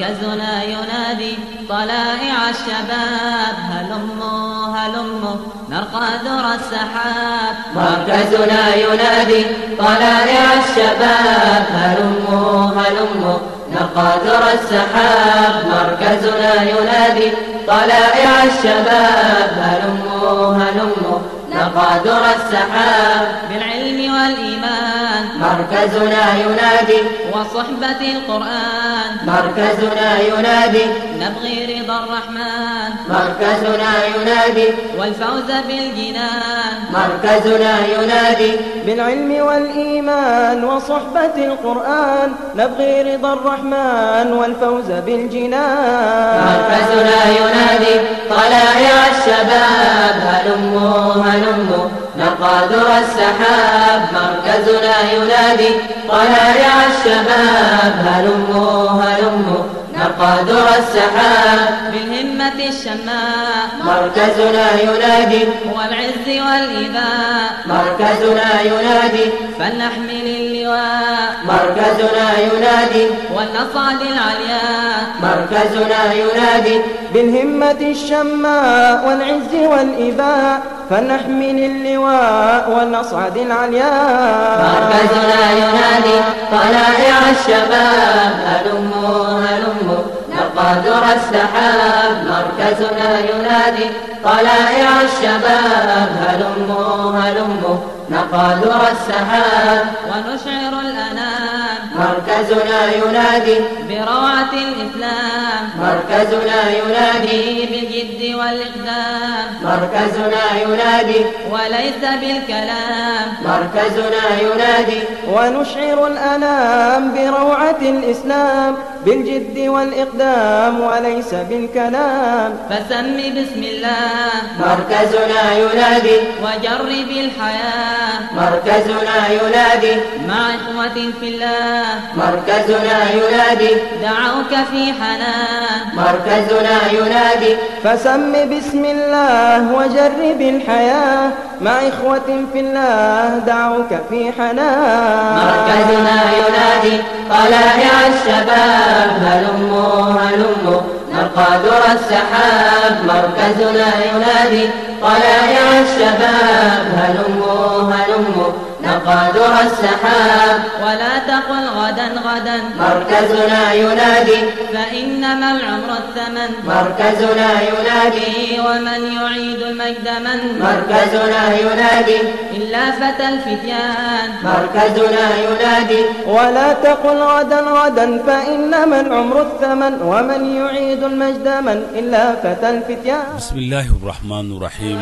مركزنا ينادي طلائع الشباب هلموا هلموا نرقى ذرى السحاب مركزنا ينادي طلائع الشباب هلموا هلموا نرقى ذرى السحاب مركزنا ينادي طلائع الشباب هلموا هلموا نرقى ذرى السحاب بالعلم والإيمان مركزنا ينادي وصحبة القرآن مركزنا ينادي نبغي رضا الرحمن مركزنا ينادي والفوز بالجنان مركزنا ينادي بالعلم والإيمان وصحبة القرآن نبغي رضا الرحمن والفوز بالجنان مركزنا ينادي طلائع الشباب هلموا هلموا مقادر السحاب مركزنا ينادي طلائع الشباب هلموا هلموا مقادر السحاب بهن الكلمة الشماء مركزنا ينادي والعز والإباء مركزنا ينادي فلنحمل اللواء مركزنا ينادي ولنصعد العلياء مركزنا ينادي بالهمة الشماء والعز والإباء فلنحمل اللواء ولنصعد العلياء مركزنا ينادي طلائع الشباب هلموا هلموا قدر السحاب مركزنا ينادي طلائع الشباب هلموا هلموا نقدر السحاب ونشعل مركزنا ينادي بروعة الإسلام مركزنا ينادي بالجد والإقدام مركزنا ينادي وليس بالكلام مركزنا ينادي ونشعر الأنام بروعة الإسلام بالجد والإقدام وليس بالكلام فسم بسم الله مركزنا ينادي وجرب الحياة مركزنا ينادي مع إخوة في الله مركزنا ينادي دعوك في حنان مركزنا ينادي فسم بسم الله وجرب الحياة مع إخوة في الله دعوك في حنان مركزنا ينادي طلائع الشباب هلموا هلموا نرقى درى السحاب مركزنا ينادي طلائع الشباب هلموا هلموا قدر السحاب ولا تقل غدا غدا مركزنا ينادي فإنما العمر الثمن مركزنا ينادي ومن يعيد المجد من مركزنا ينادي إلا فتى الفتيان مركزنا ينادي ولا تقل غدا غدا فإنما العمر الثمن ومن يعيد المجد من إلا فتى الفتيان بسم الله الرحمن الرحيم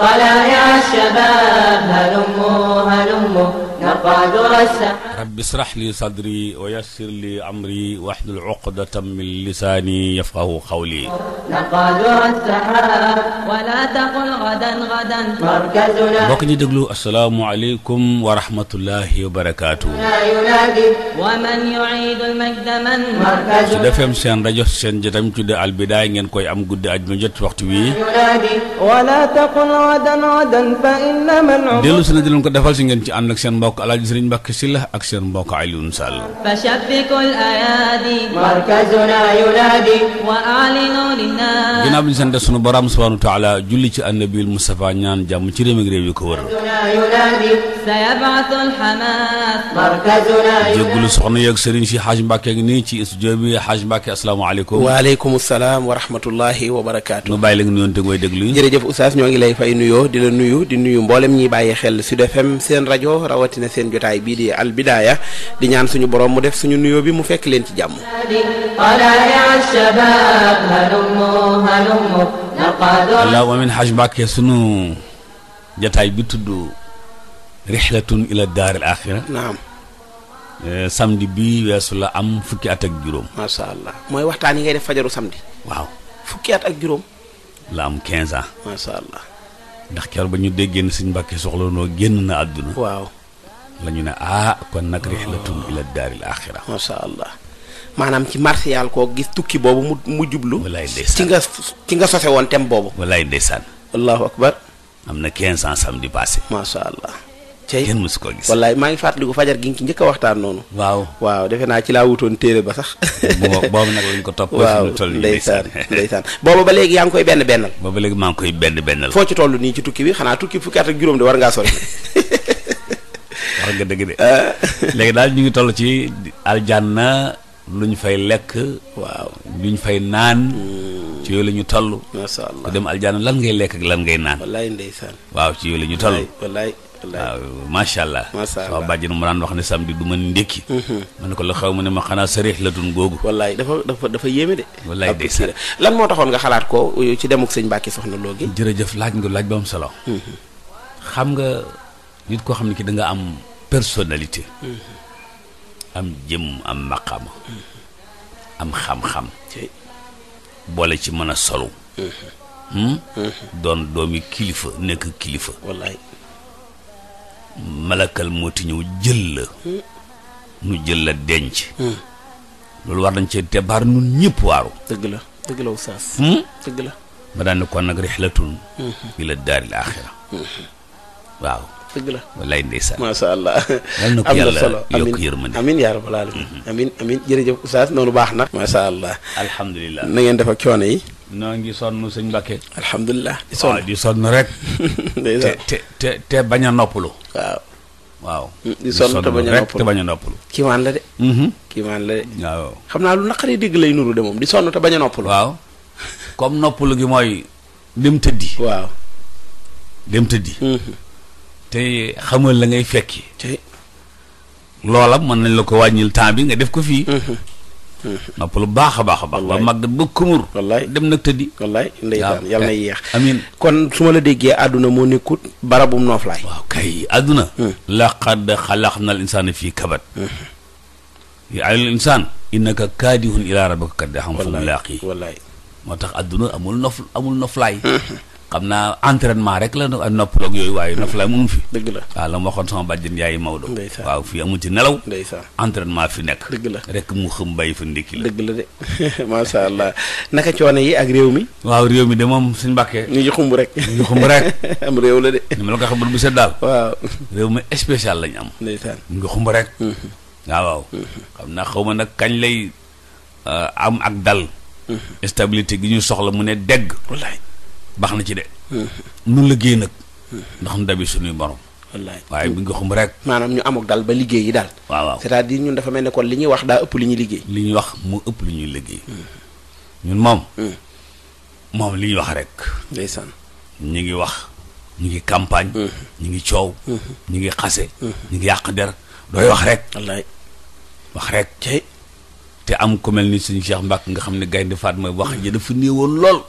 طلائع الشباب هلموا هلموا همه نرفع درسه رب اشرح لي صدري ويسر لي أمري واحلل عقدة من لساني يفقه قولي نرفع السحاب ولا تقل غدا غدا مركزنا mbokk ñi déglu asalaamualeykum wa rahmatullahi wa barakaatu. waman yuidu lmajda man markazuna su defeem seen rajo seen jotam tudde albidaay ngeen koy am guddi aj ma jot waxtu wi wala taqul gadan gadan fa inna man dellu si na di leen ko defal si ngeen ci ànd ak seen mbokk Alaaji Sëriñ Mbàkke Sylla ak seen mbokk Alioune Sall fashabbikul ayaadi markazuna yunaadi wa a'linu linnaas ginnaaw bi ñu sant sunu borom subhaanahu wa taala julli ci annabiul Mustafa ñaan jàmm ci réew ak réew yu ko wër sayab'athul hamaas markazuna jéggulu soxna yeeg Sëriñ si Xaaj Mbàkke ngi nii ci studio bi Xaaj Mbàkke asalaamaaleykum waaleykum salaam wa rahmatullahi wa barakaatu nu bàyyi la nga nuyoon te ngay déglu jërëjëf oustaz ñoo ngi lay fay nuyoo di la nuyu di nuyu mboolem ñiy bàyyi xel Sud FM seen rajo rawatina seen jotaay bii di Al di ñaan suñu boroom mu def suñu nuyoo bi mu fekk leen ci jàmm. allahumma amiin Haj Mbàkke sunu jotaay bi tudd rixlatun ila daaril axira naam. Eh, samedi bi weesu la am fukki at ak juróom. macha allah mooy waxtaan yi ngay def fajaru samedi. waaw fukki at ak juróom. la am 15 ans. allah. ndax keroog ba ñu déggee ne sëñ Mbàkke soxla noo génn na àdduna. waaw la ñu ne ah kon nag. rihlatun ila daaril axira. macha allah maanaam ci martial koo gis tukki boobu mu mu jublu. walaay ndeysaan ci nga ci nga sose woon thème boobu. walaay ndeysaan. allahu akbar. am na 15 ans samedi passé. macha allah. cey kenn mësu koo gis wallaay maa ngi fàttaliku fajar gi nga ci njëkk waxtaan noonu waaw waaw defe naa ci laa wutoon téere ba sax boobu nag lañ ko topp waaw ndeysaan ndeysaan booba ba léegi yaa ngi benn bennal booba ba léegi maa benn bennal ci toll nii ci tukki bi xanaa tukki fukki at ak juróom de war ngaa sori wax nga dëgg de ah. léegi daal ñu ngi toll ci aljanna lu ñu fay lekk waaw lu fay naan hmm. ci yooyu la ñu toll masha Allah ku dem aljanna lan ngay lekk ak lan ngay naan wallaay ndeysaan waaw ci yooyu la ñu toll waaw macha allah sama bàjjen mu daan wax ne samedi du ma ndékki mhm. ma ne ko la xaw ma ne ma xanaa sa réex la tun googu wallaay dafa dafa dafa yéeme de wallaay de lan moo taxoon nga xalaat ko ci demuk sëñ Mbàkke soxna Lo gi jëf laaj nga laaj ba am solo mhm. xam nga nit koo xam ne ki danga nga am personnalité mhm. am jëm am maqama am xam-xam boole ci mën a solu hmm? doon doomi kilifa nekk kilifa wallaay malakal mooti ñëw jël la nu jël la denc hmm. loolu war nañ cee tebaar nun ñëpp waaru dëgg la dëgg la oustaz hmm? dëgg la ma daan ne kon nag rixlatun hmm. ila daaril axira waaw dëgg la wallaay ndeysaan macha allah am na solo yokk yërmande amin yaa rabbal alamin mhm. amin amin jërëjëf oustaz noonu baax na macha allah alhamdulilah na ngeen def ak coono yi noo ngi sonn sëñ Mbàkke alhamdulilah di sonn di sonn rek te te te a noppalu waaw waaw mm, di sonn te bañ a a noppalu kiimaan la de mhm. xam naa lu naqaree dégg lay nuru de moom di sonn te bañ a noppalu waaw comme noppalu gi mooy dem tëddi waaw dem tëddi mhm. te xamal la ngay fekki loolam mën nañ la ko wàññil temps bi nga def ko fii mhm. mhm. nopp lu baax a baax a baax ba mag ba kumur wallaay dem nag tëddi wallaay ndeysaan na eh, yéex amiin kon su ma la déggee àdduna moo nekkut barabum nooflaay waaw kay àdduna hmm. laqad xalaqna al insaana fii kabat hmm. yaa ayyuhal insaan innaka kaadihun ilaa rabbika kaddan xam fa mulaaqi wallaay moo tax àdduna amul amul noflaay hmm. xam naa entraînement rek la noppaloog yooyu waaye noflaay mu ngi fi. dëgg la waaw la ma waxoon sama bàjjen yaay Maodo. waaw fii amu ci nelaw. ndeysaan entraînement fi nekk. dëgg la rek mu xëm bay fa ndékki la. dëgg la de macha allah naka coono yi ak réew mi. waaw réew mi de moom suñu mbàkkee. ñu ngi xumb rek. ñu ngi xumb rek. réew la de. ni ma la ko daal. waaw réew mi am. ndeysaan ñu ngi xumb rek. Mm-hmm. Mm-hmm. xam naa xaw ma nag kañ lay euh, am ak dal. Mm-hmm. stabilité gi ñu soxla mu ne dégg. baax na ci de. mu hmm. liggéey nag. Hmm. ndax nu dabi suñuy borom. wallaay waaye bu ñu ko xam rek. maanaam ñu amoog daal ba liggéey yi daal. waaw waaw cest à ñun dafa mel ne kon li ñu wax daa ëpp li ñuy liggéey. li ñuy wax mu ëpp li ñuy liggéey. Hmm. moom. moom li ñuy wax rek. ndeysaan ñu ngi wax ñu ngi campagne. ñu ngi coow. ñu ngi xase. ñu ngi yàq der dooy wax rek. wallaay wax rek tey. te am ku mel ni suñu Cheikh Mbacke nga xam ne gaynde Fatma wax ji dafa néewoon lool.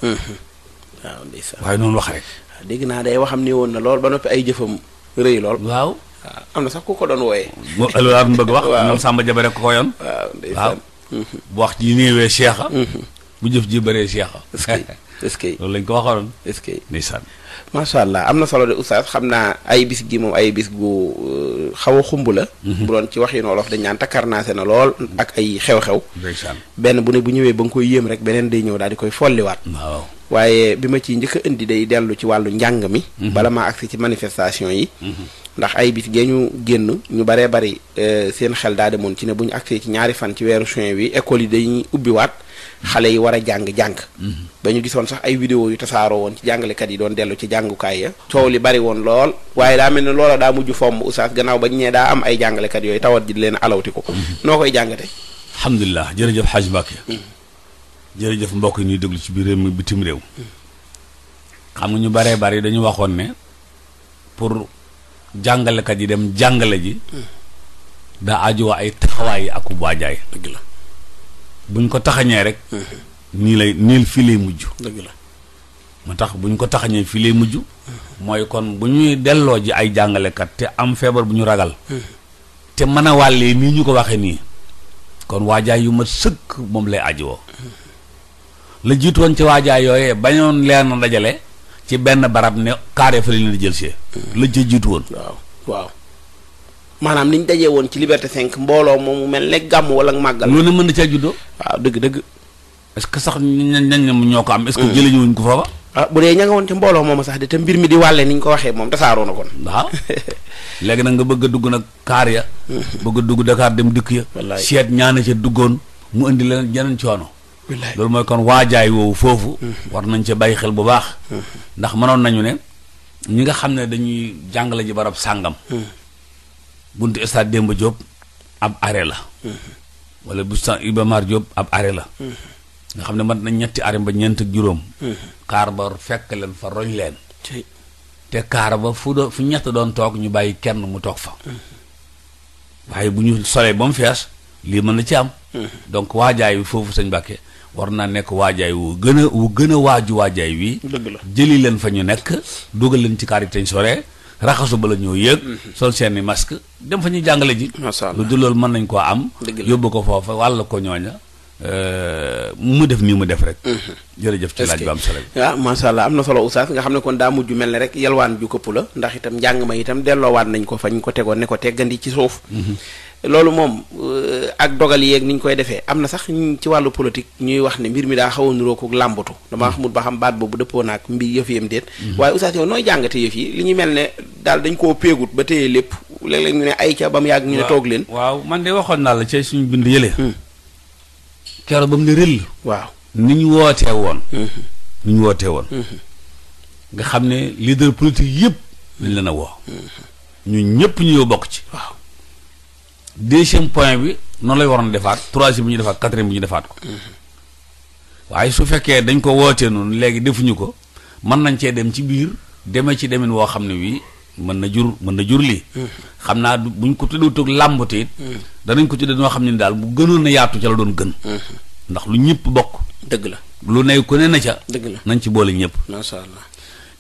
waaw ndeysaan waaye noonu wax rek. Ah, dégg naa day waxam ni woon na lool ba noppi ay jëfam rëy lool. waaw ah, am na sax ku ko doon wooyee. moom alhamdulilah mu bëgg ko ko yoon. bu wax ji néewee Cheikha. Mm-hmm. bu jëf ji bëree Cheikha. est-ce lañ ko waxoon. est-ce que ndeysaan. macha allah am na solo de oustaz xam naa ay bis gi moom ay bis gu euh, xaw a xumb la. Mm-hmm. bu doon ci wax yu olof dañ naan takkarnaase na lool ak ay xew-xew. ndeysaan benn bu ne bu ñëwee ba nga koy yéem rek beneen day ñëw daal di koy folliwaat. waaw waaye bi ma ciy njëkk indi day dellu ci wàllu njàng mi. Mhm. bala maa agsi ci manifestation yi. Mhm. ndax ay bis gee ñu génn ñu baree bari euh, seen xel daa demoon ci ne bu ñu agsee ci ñaari fan ci weeru juin wi école yi dañuy ubbiwaat xale yi war a jàng jàng. Mhm. ba ñu gisoon sax ay vidéo yu tasaaroo woon ci jàngalekat yi doon dellu ci jàngukaay ya. coow li bari woon lool waaye daa mel ne loola daa mujj fomm oustaz gannaaw ba ñu ne daa am ay jàngalekat yooyu tawat ji leen alawti ko. noo koy jàngate. alhamdulilah jërëjëf Hadj Mbacke mm. jërëjëf mbokk yi ñuy déglu ci biir mu mi bitim réew xam nga ñu baree bari dañu waxoon ne pour jàngalekat yi dem jàngale ji daa ajuwa ay taxawaay yi ak waajaay dëgg la buñ ko taxañee rek nii lay niil fii lay mujj dëgg la moo tax buñ ko taxañee fii lay mujj mooy kon bu ñuy delloo ji ay jàngalekat te am feebar bu ñu ragal te mën a wàllee nii ñu ko waxee nii kon waajaay yu ma sëkk moom lay ajuwoo la jiitoon ci waajaay yooyee bañoon leen a dajale ci benn barab ne carré fa leen di jël see la ca jiitu woon waaw waaw maanaam niñ dajee woon ci liberté 5 mbooloo moomu mel ne gàmm wala màggal lu ne mën na caa juddoo waaw dëgg dëgg est que sax ñañ ñañ ñoo ko am est-ce que mm. jëlee ko foofa ah bu dee ña nga woon ci mbooloo moomu sax de te mbir mi di wàlle ni ñu ko waxee moom tasaaroo na kon waaw léegi nag nga bëgg a dugg nag kaar ya mm. bëgg a dugg Dakar dem dikk ya seet ñaana ca duggoon mu indi leen jeneen coono loolu mooy kon waajaay woowu foofu war nañ ca bàyyi xel bu baax ndax mënoon nañu ne ñi nga xam ne dañuy jàngale ji barab sàngam buntu stade Demba Diop ab arrêt la wala bu stade Iba Mar Diop ab arrêt la nga xam ne mat nañ ñetti arrêt ba ñeent juróom kaar ba fekk leen fa roñ leen te kaar ba fu do fu ñett doon toog ñu bàyyi kenn mu toog fa waaye bu ñu solee ba mu fees lii mën na ci am mm-hmm. donc waajaayu foofu sëñ Mbàkke war naa nekk waajaay wu gën a wu gën a waaju waajaay wi jëli leen fa ñu nekk dugal leen ci kaar yi teñ sore raxasu ba la ñoo yëg mhm. sol seeni masque dem fa ñu jàngale ji lu du loolu mën nañ koo am yóbbu ko foofa wàll ko ñooña euh, mu def nii mu def rek. Mhm. jërëjëf ci laaj bu am solo bi. ah macha allah am na solo oustaz nga xam ne kon daa mujj mel ne rek yalwaan ju këpp la ndax itam njàng ma itam delloowaat nañ ko fañ ko tegoon ne ko teggandi ci suuf. Mhm. loolu moom euh, ak dogal yeeg ni ñu koy defee am na sax ci wàllu politique ñuy wax ne mbir mi daa xaw a nuroo ko làmbatu damaa mm. ba xam baat boobu dëppoo naag mbir yëf yam déet mm-hmm. waaye oustaz nooy jàngate yëf yi li ñu mel ne daal dañ koo ba téye lépp léeg-léeg ne ay ca ba mu yàgg ñu ne toog leen waaw man de waxoon naa la ci suñu bind yële hmm. keroog ba waaw ni ñu wootee woon hmm. ni ñu wootee woon hmm. xam ne leader politique yëpp lañ leen a woo ñun ñëpp ñu bokk ci waaw deuxième point bi noonu lay waroon defaat troisième bi ñu defaat quatrième bi ñu defaat ko waaye su fekkee dañ ko wootee noonu léegi defuñu ko mën nañ cee dem ci biir demee ci demin woo xam ne wii mën na jur mën na jur lii. xam naa buñ ko tuddee làmbate it. danañ ko tuddee noo xam ne daal bu gënoon na yaatu ca la doon gën. ndax lu ñëpp bokk. dëgg la lu ne ku ne na ca. dëgg la nañ ci boole ñëpp. macha allah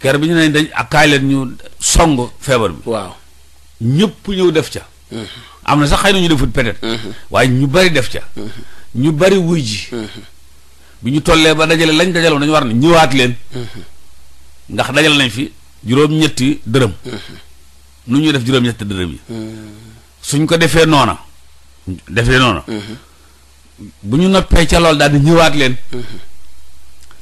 ker bi ñu ne dañ ak kaay ñu song feebar bi. waaw ñëw def ca. Mm-hmm. am na sax xëy na ñu defut peut mm-hmm. waaye ñu bari def ca. Mm-hmm. ñu bari wuy ji. Mm-hmm. bu ñu tollee ba dajale lañ dajaloon dañu war ne ñëwaat leen. ndax dajal nañ fi juróom-ñetti dërëm. nu ñuy def juróom-ñetti dërëm yi. suñ ko defee noona. defee noona. bu ñu noppee ca lool daal di ñëwaat leen.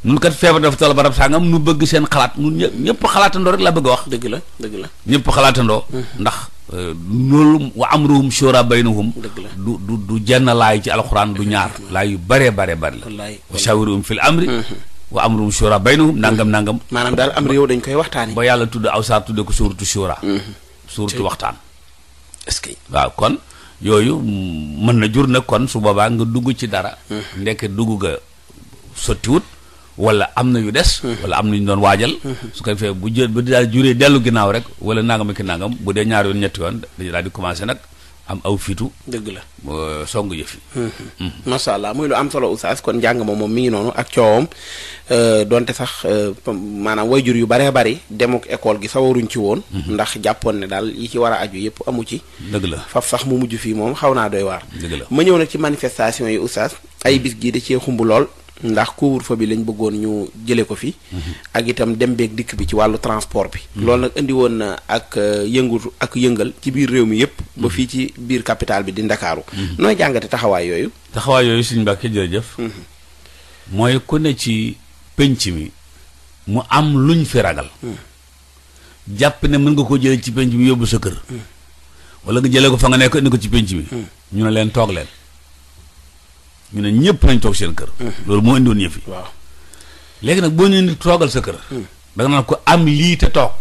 nun kat feebar dafa toll barab sangam nu bëgg seen xalaat nun ñëpp ñëpp xalaatandoo rek la bëgg a wax. dëgg la dëgg la ñëpp xalaatandoo. ndax. Euh, loolu wa amruhum shura baynahum du du du jenn laay ci alxuraan du ñaar laay yu bare bare bare la wa shawiruhum fil amri wa am amruhum shura baynahum nangam nangam maanaam daal am yow dañ koy waxtaani ba yàlla tudd aw saar tudde ko suuratu shura suuratu waxtaan est-ce que waaw kon yooyu mën na jur nag kon su boobaa nga dugg ci dara ndekk dugg nga sottiwut wala am na yu des. wala am na ñu doon waajal. su ko defee bu jë bu daal juree dellu ginnaaw rek wala nangam ki nangam bu dee ñaar yoon ñetti yoon dañu daal di commencé nag am aw fiitu dëgg la euh, song yëfi. macha allah muy lu am solo oustaz kon njàng ma moom mi ngi noonu ak coowam euh, donte sax euh, maanaam wayjur yu baree bari demuk école gi sawaruñ ci woon. ndax jàppoon ne daal yi ci war a aju yëpp amu ci. dëgg la faf sax mu mujj fii moom xaw naa doy waar. dëgg la ma ñëw nag ci manifestation yi oustaz ay bis gii da cee xumb lool. ndax couvre-feu bi lañ bëggoon ñu jëlee ko fi. ak itam dem beeg dikk bi ci wàllu transport bi. loolu nag indi woon na ak euh, yëngu ak yëngal ci biir réew mi yëpp. ba fii ci biir capitale bi di Ndakaaru. Mhm. nooy jàngate taxawaay yooyu. taxawaay yooyu suñ mbàkkee jërëjëf. Mhm. mooy ku ne ci penc mi mu am luñ fi ragal. Mhm. jàpp ne mën nga koo jëlee ci penc mi yóbbu sa kër. wala nga jële ko fa nga nekk indi ko ci penc mi. ñu ne leen toog leen. ñu ne ñëpp nañ toog seen kër. loolu moo indiwoon yëf yi. waaw nag boo ñëwee ni toogal sa kër. da nga ko am lii te toog.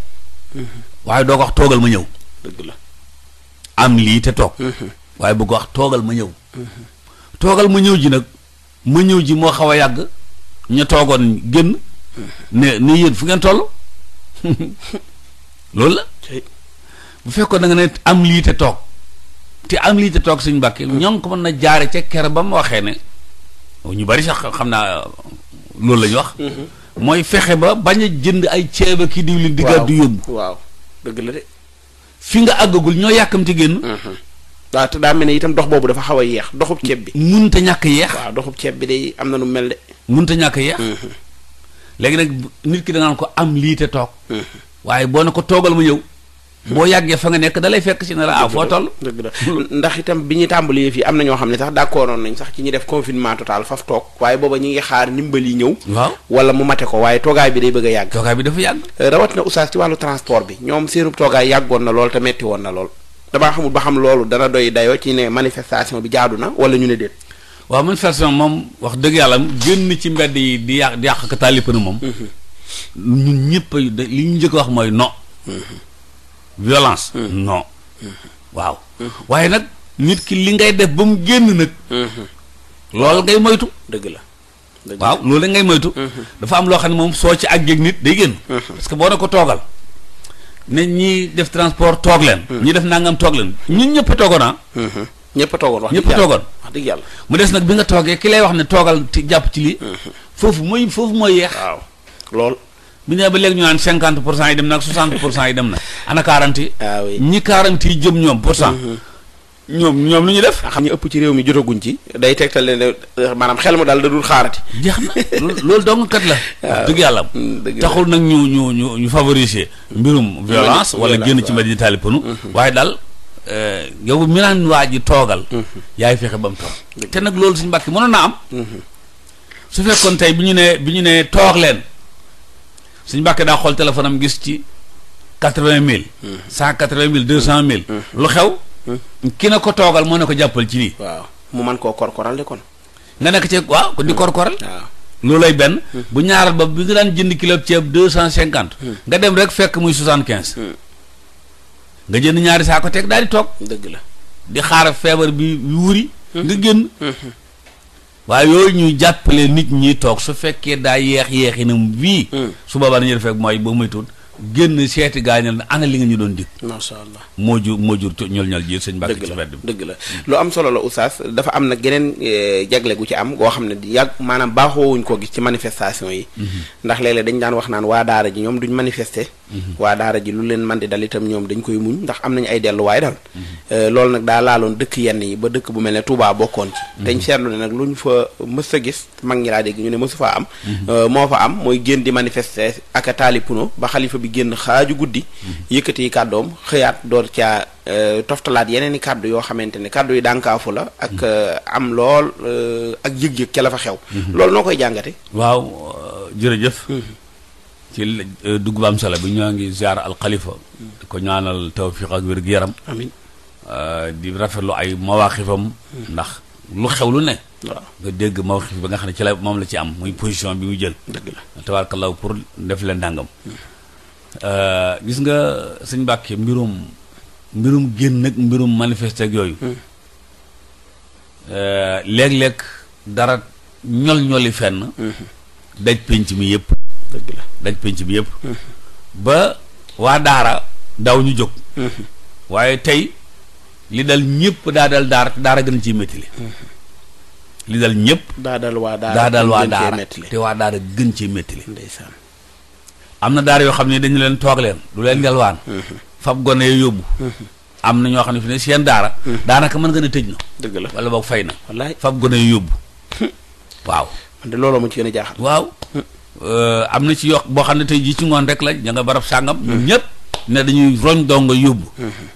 waaye doo ko wax toogal ma ñëw. dëgg la am wax toogal ma ñëw. toogal ma ñëw ji nag ma ñëw ji moo xaw a yàgg ña toogoon génn. ne ne yéen fu ngeen toll loolu la. bu fekkoon da nga ne am lii te toog. te am lii te toog suñu mbàkke mm. ñoo ngi ko mën na jaare ca ker ba mu waxee ne ñu bari sax xam naa loolu lañu wax mm-hmm. mooy fexe ba bañ a jënd ay ceeb ak diwlin di yóbbu waaw dëgg la de fi nga àggagul ñoo yàkkamti génn waaw mm-hmm. te daa mel ne itam dox boobu dafa xaw a yeex doxub ceeb bi mun te ñàkk yeex waaw doxub ceeb bi de am na nu mel de mun te ñàkk yeex mm-hmm. léegi nag nit ki danaan ko am lii te toog waaye boo na ko toogal mu ñëw boo yàggee fa nga nekk dalay lay fekk si ne la ah foo toll ndax itam bi ñu tàmbali fii am na ñoo xam ne sax d'accordoon nañ sax ci ñu def confinement total faf toog waaye booba ñi ngi xaar ndimbal yi ñëw waaw wala mu mate ko waaye toogaay bi day bëgg a yàgg toogaay bi dafa yàgg euh, rawat na oustaz ci wàllu transport bi ñoom seenub toogaay yàggoon na lool te metti woon na lool damaa xamul ba xam loolu dana doy dayoo ci ne manifestation bi jaadu na wala ñu ne déet waaw manifestation moom wax dëgg yàlla génn ci mbedd yi di yàq di yàq ka taalipana moom mm-hmm. ñun ñëpp li ñu njëkk wax mooy no mm-hmm. violence non waaw waaye nag nit ki li ngay def ba mu génn nag loolu ngay moytu dëgg la waaw la ngay moytu dafa am loo xam ne moom soo ci àggeeg nit day génn parce que boo ne ko toogal ne ñi def transport toog leen ñi def nangam toog leen ñun ñëpp a toogoon ah ñëpp a toogoon wax ñëpp a dëgg yàlla mu des nag bi nga toogee ki lay wax ne toogal jàpp ci lii foofu mooy foofu mooy yeex waaw lool bi nee ba léegi ñu naan cinquante pour cent yi dem na ak soixante pour cent yi dem na ana quarante yi ah ñi quarante yi jëm ñoom pour cent mm-hmm. ñoom ñoom lu ñu def ah, xam ñu ëpp ci réew mi jotaguñ ci day tegtal leen eh, maanaam xel mu daal da dul xaarati jeex na loolu dong kat la ah, dëgg yàlla mm, taxul nag ñu ñu ñu ñu favoriser mbirum violence wala génn ci mbedd di taali pënu mm-hmm. waaye daal eh, yow mi naan waa ji toogal mm-hmm. yaay fexe ba mu toog te nag loolu suñu mbàkki mënoon na am su fekkoon tey bi ñu ne bi ñu ne toog leen suñ bàkkee daa xool téléphone am gis ci quatre-vingt mille cent quatre-vingt mille deux cent mille lu xew ki na ko toogal moo ne ko jàppal ci lii waaw mu mën koo korkoral de kon nga nekk ci waaw kon di hmm. loolu lay benn hmm. bu ñaaral ba bi nga daan jënd kilo ceeb deux cent cinquante hmm. nga dem rek fekk muy soixante quinze nga jënd ñaari saako teg daal di toog dëgg la di xaar feebar bi wuri nga génn waaye yooyu ñuy jàppale nit ñi toog su fekkee daa yeex yeexi nam wii hmm. su boobaa nañu defee mooy ba muy tuut génn seeti gaañal ana li nga ñu doon dig macha allah moo jur moo jur ñol ñol ji sëñ Mbàkke ci dëgg la lu am solo la oustaz dafa am nag geneen eh, jagle gu ci am goo xam ne yàgg maanaam baaxoowuñ ko gis ci manifestation yi mhm. ndax léeg dañ daan wax naan waa daara ji ñoom duñ manifester Mm-hmm. waa daara ji lu leen man di dal itam ñoom dañ koy muñ ndax am nañu ay delluwaay daal mm-hmm. euh, loolu nag daa laaloon dëkk yenn yi ba dëkk bu mel ne Touba bokkoon ci mm-hmm. dañ seetlu nag lu ñu fa mës a gis mag ñi laa dégg ñu ne mësu faa am euh, moo fa am mooy génn di manifester ak a taali puno ba xalifa bi génn xaaju guddi yëkkati kàddoom xëyaat door caa euh, toftalaat yeneen i kàddu yoo xamante ne kàddu yi dànkaafu la ak am lool ak yëg-yëg ca la fa xew loolu noo koy jàngate waaw jërëjëf ci euh, dugg ba am solo bi ñoo ngi ziar al mm. ko ñaanal tawfiq ak wér gu yaram amiin euh, di rafetlu ay mawaaxifam mm. ndax lu xew lu ne nga dégg mawaaxif ba nga xam ne ci la moom la ci am muy position bi mu jël tabaarakallahu pour def leen ndàngam mm. euh, gis nga sëñ Mbàkke mbirum mbirum génn ak mbirum manifester yooyu léeg-léeg dara ñol ñoli fenn mm-hmm. daj pénc mi yëpp dëgg la daj penc bi yëpp. ba waa daara daw ñu jóg. waaye tey li dal ñëpp daa dal daara te daara gën ciy métti li. li dal ñëpp. daa dal waa daara dal waa daara te waa daara gën cee métti li. ndeysaan am na daara yoo xam ne dañu leen toog leen du leen ngelwaan. fab gone yóbbu. am na ñoo xam ne fi ne seen daara. daanaka mën nga ne tëj na. dëgg la wala boog fay na. fab gone yóbbu. waaw. man de looloo ma ci gën a jaaxal. waaw. Euh, am na ci yo boo xam ne te jii ci ngoon rek la ña nga barab sàngam. ñun ñëpp ne dañuy roñ dongo yóbbu.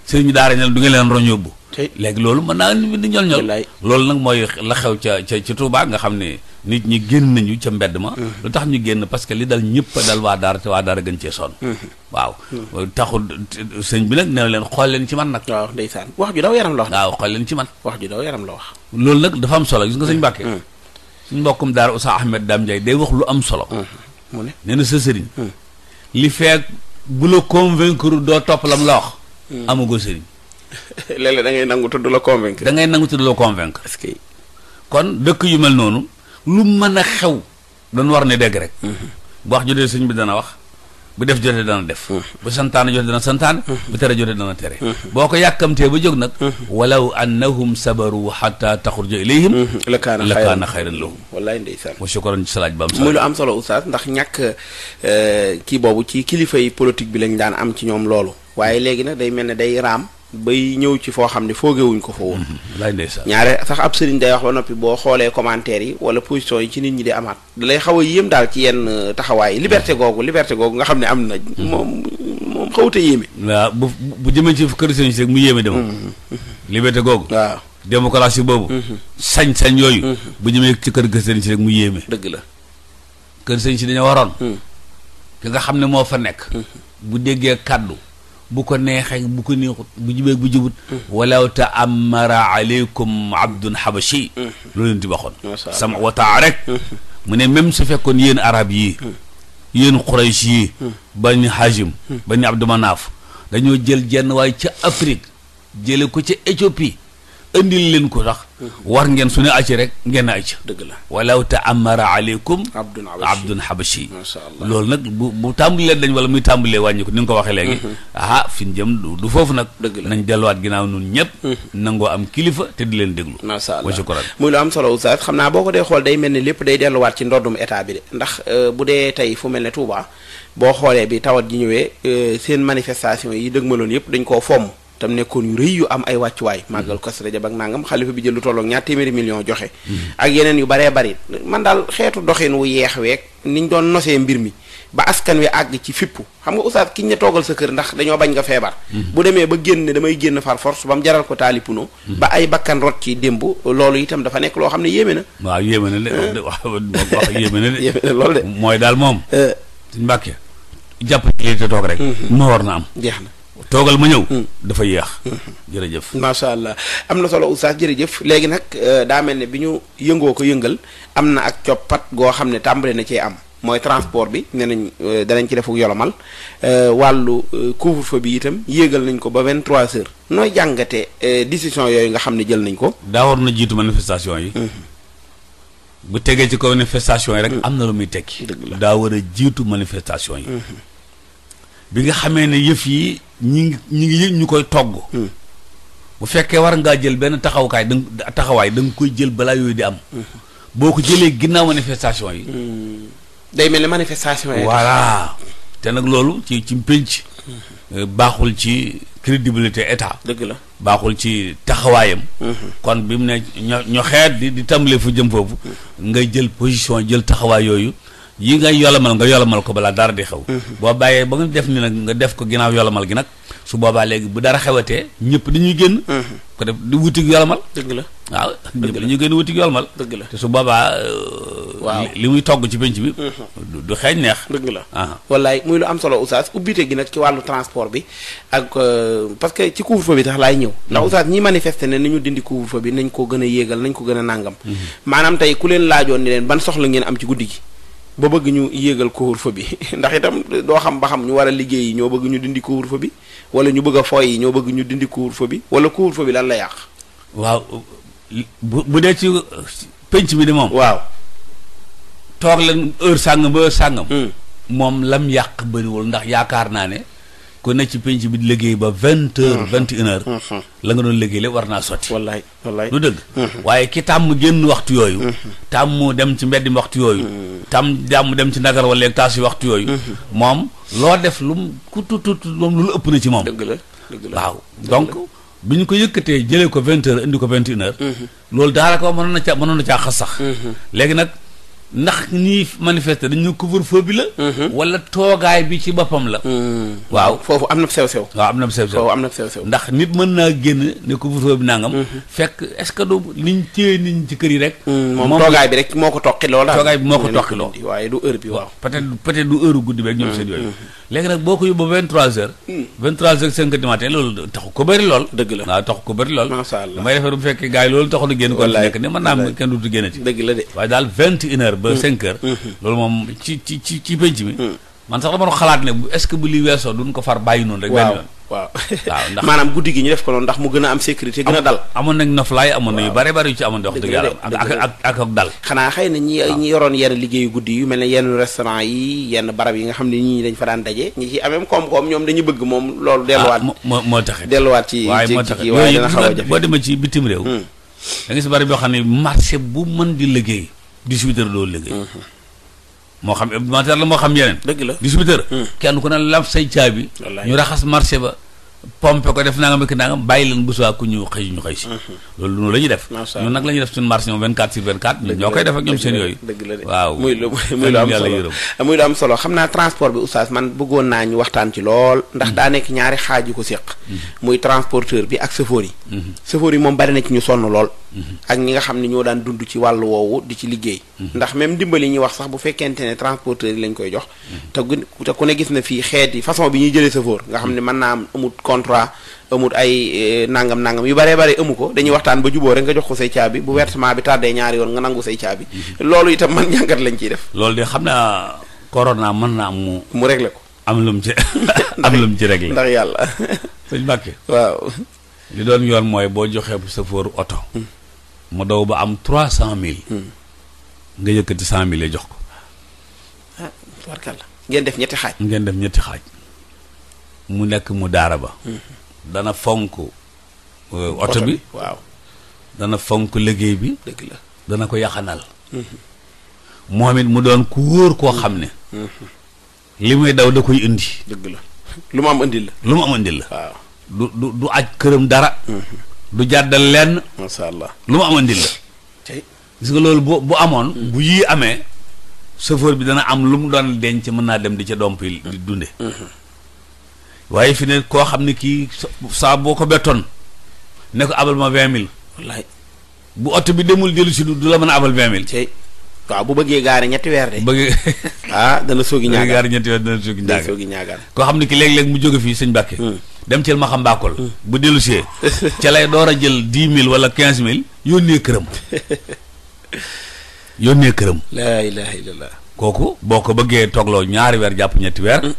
sëriñ daara ñel du ngeen leen roñ yóbbu. léegi loolu mën naa indi ñol ñol loolu nag mooy la xew ca ca ci nga xam ne nit ñi génn nañu ca mbedd ma lu tax ñu génn parce que li dal ñëpp dal waa daara te waa daara gën cee sonn waaw taxul sëñ bi nag nee leen xool leen ci man nag waaw ndeysaan wax ju daw yaram la wax waaw xool leen ci man wax ju daw yaram la wax loolu nag dafa am solo gis nga sëñ Mbàkke suñ mbokkum daar Oustaz Ahmed Dame Ndiaye day wax lu am solo. mu ne nee sa sëriñ. li feeg bu la convaincre doo topp lam la wax. amagoo sëriñ. léeg-léeg da ngay nangu tudd la convaincre. da ngay nangu tudd la convaincre. est que kon dëkk yu mel noonu lu mën a xew. dañu war ne dégg rek. bu wax ju dee sëñ bi dana wax. bu def jotee dana def mm. bu santaane jotee dana santaane mm. bu tere jotee dana tere mm. boo ko yàkkamtee ba jóg nag walaw annahum sabaru xata taxruja ilayhim la kaana xayran lahum wallaay ndeysaan wa shukran ci salaaj ba am solo muy lu am solo oustaz ndax ñàkk euh, kii boobu ci kilifa yi politique bi lañu daan am ci ñoom loolu waaye léegi nag day mel ne day raam bay ñëw ci foo xam ne foogewuñ ko fa woon. Mhm. ñaare sax ab sëriñ day wax ba noppi boo xoolee commentaire yi wala position yi ci nit ñi di amaat. dalay xaw a yéem daal ci yenn euh, taxawaay yi mhm. liberté googu liberté googu nga xam ne am na. Mhm. moom moom xawute yéeme. waaw bu bu jëmee ci kër sëriñ rek mu yéeme dama. liberté googu. waaw démocratie boobu. sañ-sañ yooyu. bu jëmee ci kër sëriñ rek mu yéeme. dëgg la kër sëriñ si dañoo waroon. ki nga xam ne moo fa nekk. bu déggee kàddu. bu ko neexee bu ko neexut bu jubee bu jubut walaw taamara aleykum abdun habashi loolu yen di waxoon sama wataa rek mu ne même su fekkoon yéen arab yi yéen xuraysh yi bani hajim bani abdu manaaf dañoo jël jenn waay ca afrique jële ko ca éthiopie indil leen ko sax mm-hmm. war ngeen su ne acc rek ngeen a acc dëgg la walaw taamara aleykum abdun habashi loolu nag bu bu tàmbalee dañ wala muy tàmbulee wàññi ko ni nga ko waxee léegi ah fi ñu jëm du foofu nag nañ delluwaat ginnaaw nun ñëpp mm-hmm. nangoo am kilifa te di leen déglu macha allah wa shukran muy lu am solo oustaz xam naa boo ko dee xool day mel ni lépp day delluwaat ci ndoddum état bi de ndax euh, bu dee tey fu mel ne Touba boo xoolee bi tawat ji ñëwee euh, seen manifestation yi dëgmaloon yëpp dañ koo fomm tam nekkoon yu rëy yu am ay wàccuwaay màggal mm-hmm. Kazu Rajab ak nangam xalifa bi jël lu tolloog ñaar téeméeri million joxe mm-hmm. ak yeneen yu baree bari man daal xeetu doxin wu yeex week niñ doon nosee mbir mi ba askan wi àgg ci fippu xam nga oustaz ki ne toogal sa kër ndax dañoo bañ nga feebar mm-hmm. bu demee ba génn damay génn far force ba mu jaral ko taali ba ay bakkan rot ci démb loolu itam dafa nekk loo xam ne yéeme na waaw yéeme na de eh? wax yéeme na de yéeme na loolu de mooy daal moom eh? suñ jàpp ci li toog rek moo war na am jeex na toogal ma ñëw. Hmm. dafa yéex. Hmm. jërëjëf. macha allah am na solo oustaz jërëjëf léegi nag euh, daa mel ne bi ñu yëngoo ko yëngal am na ak coppat goo xam ne tàmbale na cee am mooy transport bi nee nañ euh, danañ ci defuk yolomal euh, wàllu couvre-feu bi itam yéegal nañ ko ba 23 heures nooy jàngate décision yooyu nga xam ne jël nañ ko. daa war na jiitu manifestation yi. Hmm. bu tegee ci kaw manifestation yi rek. am na lu muy tekki. daa war a jiitu manifestation yi. bi nga ñi ngi ñi ngi ñu koy togg. Hmm. bu fekkee war ngaa jël benn taxawukaay da taxawaay da koy jël balaa yooyu di am. Hmm. boo ko jëlee ginnaaw manifestation yi. Hmm. day mel ne manifestation yi. voilà te nag loolu ci ci pénc. baaxul ci crédibilité état. dëgg la baaxul ci taxawaayam. kon bi mu ne ño ñoxeet di di tàmbalee fu jëm foofu. ngay jël position jël taxawaay yooyu. yi nga yolamal nga yolamal ko balaa dara di xew mhm. boo bàyyee ba nga def ni nag nga def ko ginnaaw yolamal gi nag su boobaa léegi bu dara xewatee ñëpp dañuy génn mhm. ko def di wutig yolamal dëgg la waaw ñëpp dañuy génn wutig yolamal dëgg la te su boobaa euh, waaw li muy togg ci pénc bi mhm. du xeeñ neex dëgg la ah. wallaay muy lu am solo oustaz ubbite gi nag ci wàllu transport bi ak euh, parce que ci couvre-feu bi tax laay ñëw ndax oustaz ñi manifester ne nañu dindi couvre-feu bi nañ ko gën a yéegal nañ ko gën a nàngam maanaam tey ku leen laajoon ni leen ban soxla ngeen am ci guddi gi ba bëgg ñu yéegal couvre-feu bi ndax itam doo xam ba xam ñu war a liggéey yi ñoo bëgg ñu dindi couvre-feu bi wala ñu bëgg a fooy yi ñoo bëgg ñu dindi couvre-feu bi wala couvre-feu bi lan la yàq. waaw bu bu dee ci penc bi de moom. waaw toog leen heure sàngam ba heure sàngam. Hmm. moom lam yàq bëriwul ndax yaakaar naa ne. ku ne ci penc bi liggéey ba vingt heures mhm. vingt mhm. la nga doon liggéey lépp war naa sotti wallaay wallaay du dëgg mhm. waaye ki tàmm génn waxtu yooyu tàmm dem ci mbedd mi waxtu yooyu tàmm tàmm dem ci nagar wala taas yi waxtu yooyu moom loo def lu mu ku tutut moom lu ëpp na ci moom dëgg la dëgg waaw donc bi ñu ko yëkkatee jëlee ko vingt heures indi ko vingt et une heures loolu daanaka mënoon na caa mënoon na caa xas sax léegi nag ndax ñiy manifester dañu couvre-feu bi la. Mhm. wala toogaay bi ci boppam la. Mhm. waaw foofu am na sew sew. waaw am na sew sew foofu am na sew ndax nit mën naa génn ne couvre-feu bi nangam. Mhm. fekk est-ce que du liñ téye nit ñi ci kër yi rek. moom toogaay bi rek moo ko toqi loo la. toogaay bi moo ko toqi loo waaye du heure bi waaw. peut-être peut-être du heure guddi beeg ñoom seen yooyu. léegi nag boo ko yóbbu ba 23h. 23h 5 du matin loolu taxu ko bëri lool. dëgg la waaw taxu ko bëri lool. macha allah damay defar bu fekkee gars yi loolu taxu na génn. wallaay kon nekk ni mën naa am kenn duutu génnati. dëgg la de waaye daal 21h ba 5h. Hmm. Hmm. loolu moom ci ci ci ci penc mi. Hmm. man sax dama doon xalaat ne est-ce que bu li weesoo duñ ko far bàyyi noonu rek. benn waaw waaw ndax maanaam guddi gi ñu def ko noonu ndax mu gën a am sécurité gën a dal amoon nañ noflaay amoon na yu bare bare yu ci amoon wax dal xanaa xëy na ñi yoroon yenn liggéeyu guddi yu mel ne yenn restaurant yi yenn barab yi nga xam ne ñi dañ fa daan daje ñi ci ameem koom-koom ñoom dañu bëgg moom loolu ah, delluwaat moo moo taxe delluwaat ci waaye moo taxe waaye a jafe boo demee ci bitim réew hmm. da nga si bari boo xam ne marché bu man di liggéey 18 heures doo liggéey hmm. moo xam hebdomadaire la moo xam yeneen. dëgg la 18h. Hmm. kenn ku ne laf say caabi. ñu raxas marché ba. pompe ko def nangam ak nangam bàyyi leen bu suwaa ku ñu xëy ñu xëy si mm-hmm. loolu noonu la ñuy def ñun nag la ñuy naa transport bi naa ñu waxtaan ci lool mm-hmm. ndax daa nekk mm-hmm. sonn lool ak ñi nga xam ne ñoo daan dund ci wàllu woowu di ci liggéey ndax même dimbali ñuy wax sax bu fekkente ne transporteur yi lañ koy jox te ku ne gis na fii xeet yi façon bi ñuy jëlee chauffeur nga xam ne mën naa am amut contrat amul ay eh, nangam nangam yu bare bare amu ko dañuy waxtaan ba juboo rek nga jox ko say caabi bu versement bi tardé ñaari yoon nga nangu say caabi mm-hmm. loolu itam man njàngat lañ ciy def loolu de xam naa corona mën na am mu mu ko am lum ci am lum ci réglé ndax yàlla sëñ li doon yoon mooy boo joxee chauffeur oto mm. mu daw ba am trois cent mil mm. nga yëkkati cent mille jox ko ah, ngeen def ñetti xaaj ngeen def ñetti xaaj mu nekk mu daara ba mm-hmm. dana fonk uh, oto bi waaw dana fonk liggéey bi dëgg dana ko yaxanal mm-hmm. moom it mu doon ku wóor koo xam ne mm-hmm. li muy daw da koy indi dëgg la lu mu am indil la lu mu am indil la waaw du du du aj këram dara du jàddal lenn masha allah lu mu am indil la gis nga loolu bu amoon bu yii amee chauffeur bi dana am lu mu doon denc mën naa dem di ca domp yi di dunde waaye fi ne koo xam ne kii saa boo ko bettoon ne ko abal ma vingt mille wallaay bu oto bi demul dellusi si du la mën a abal vingt mille tey waaw bu bëggee gaare ñetti weer de bëggee ah, dana soogi ñaagaan gaare ñetti weer dana soogi ñaagaan soogi koo xam ne ki léeg-léeg mu jóge fii sëñ Mbàkke hmm. dem cel ma xam mbàkkol hmm. bu dellu see ca lay door a jël dix mille wala quinze mille yónnee këram yónnee këram laa ilaha illallah kooku boo ko bëggee loolu ñaari weer jàpp ñetti weer hmm.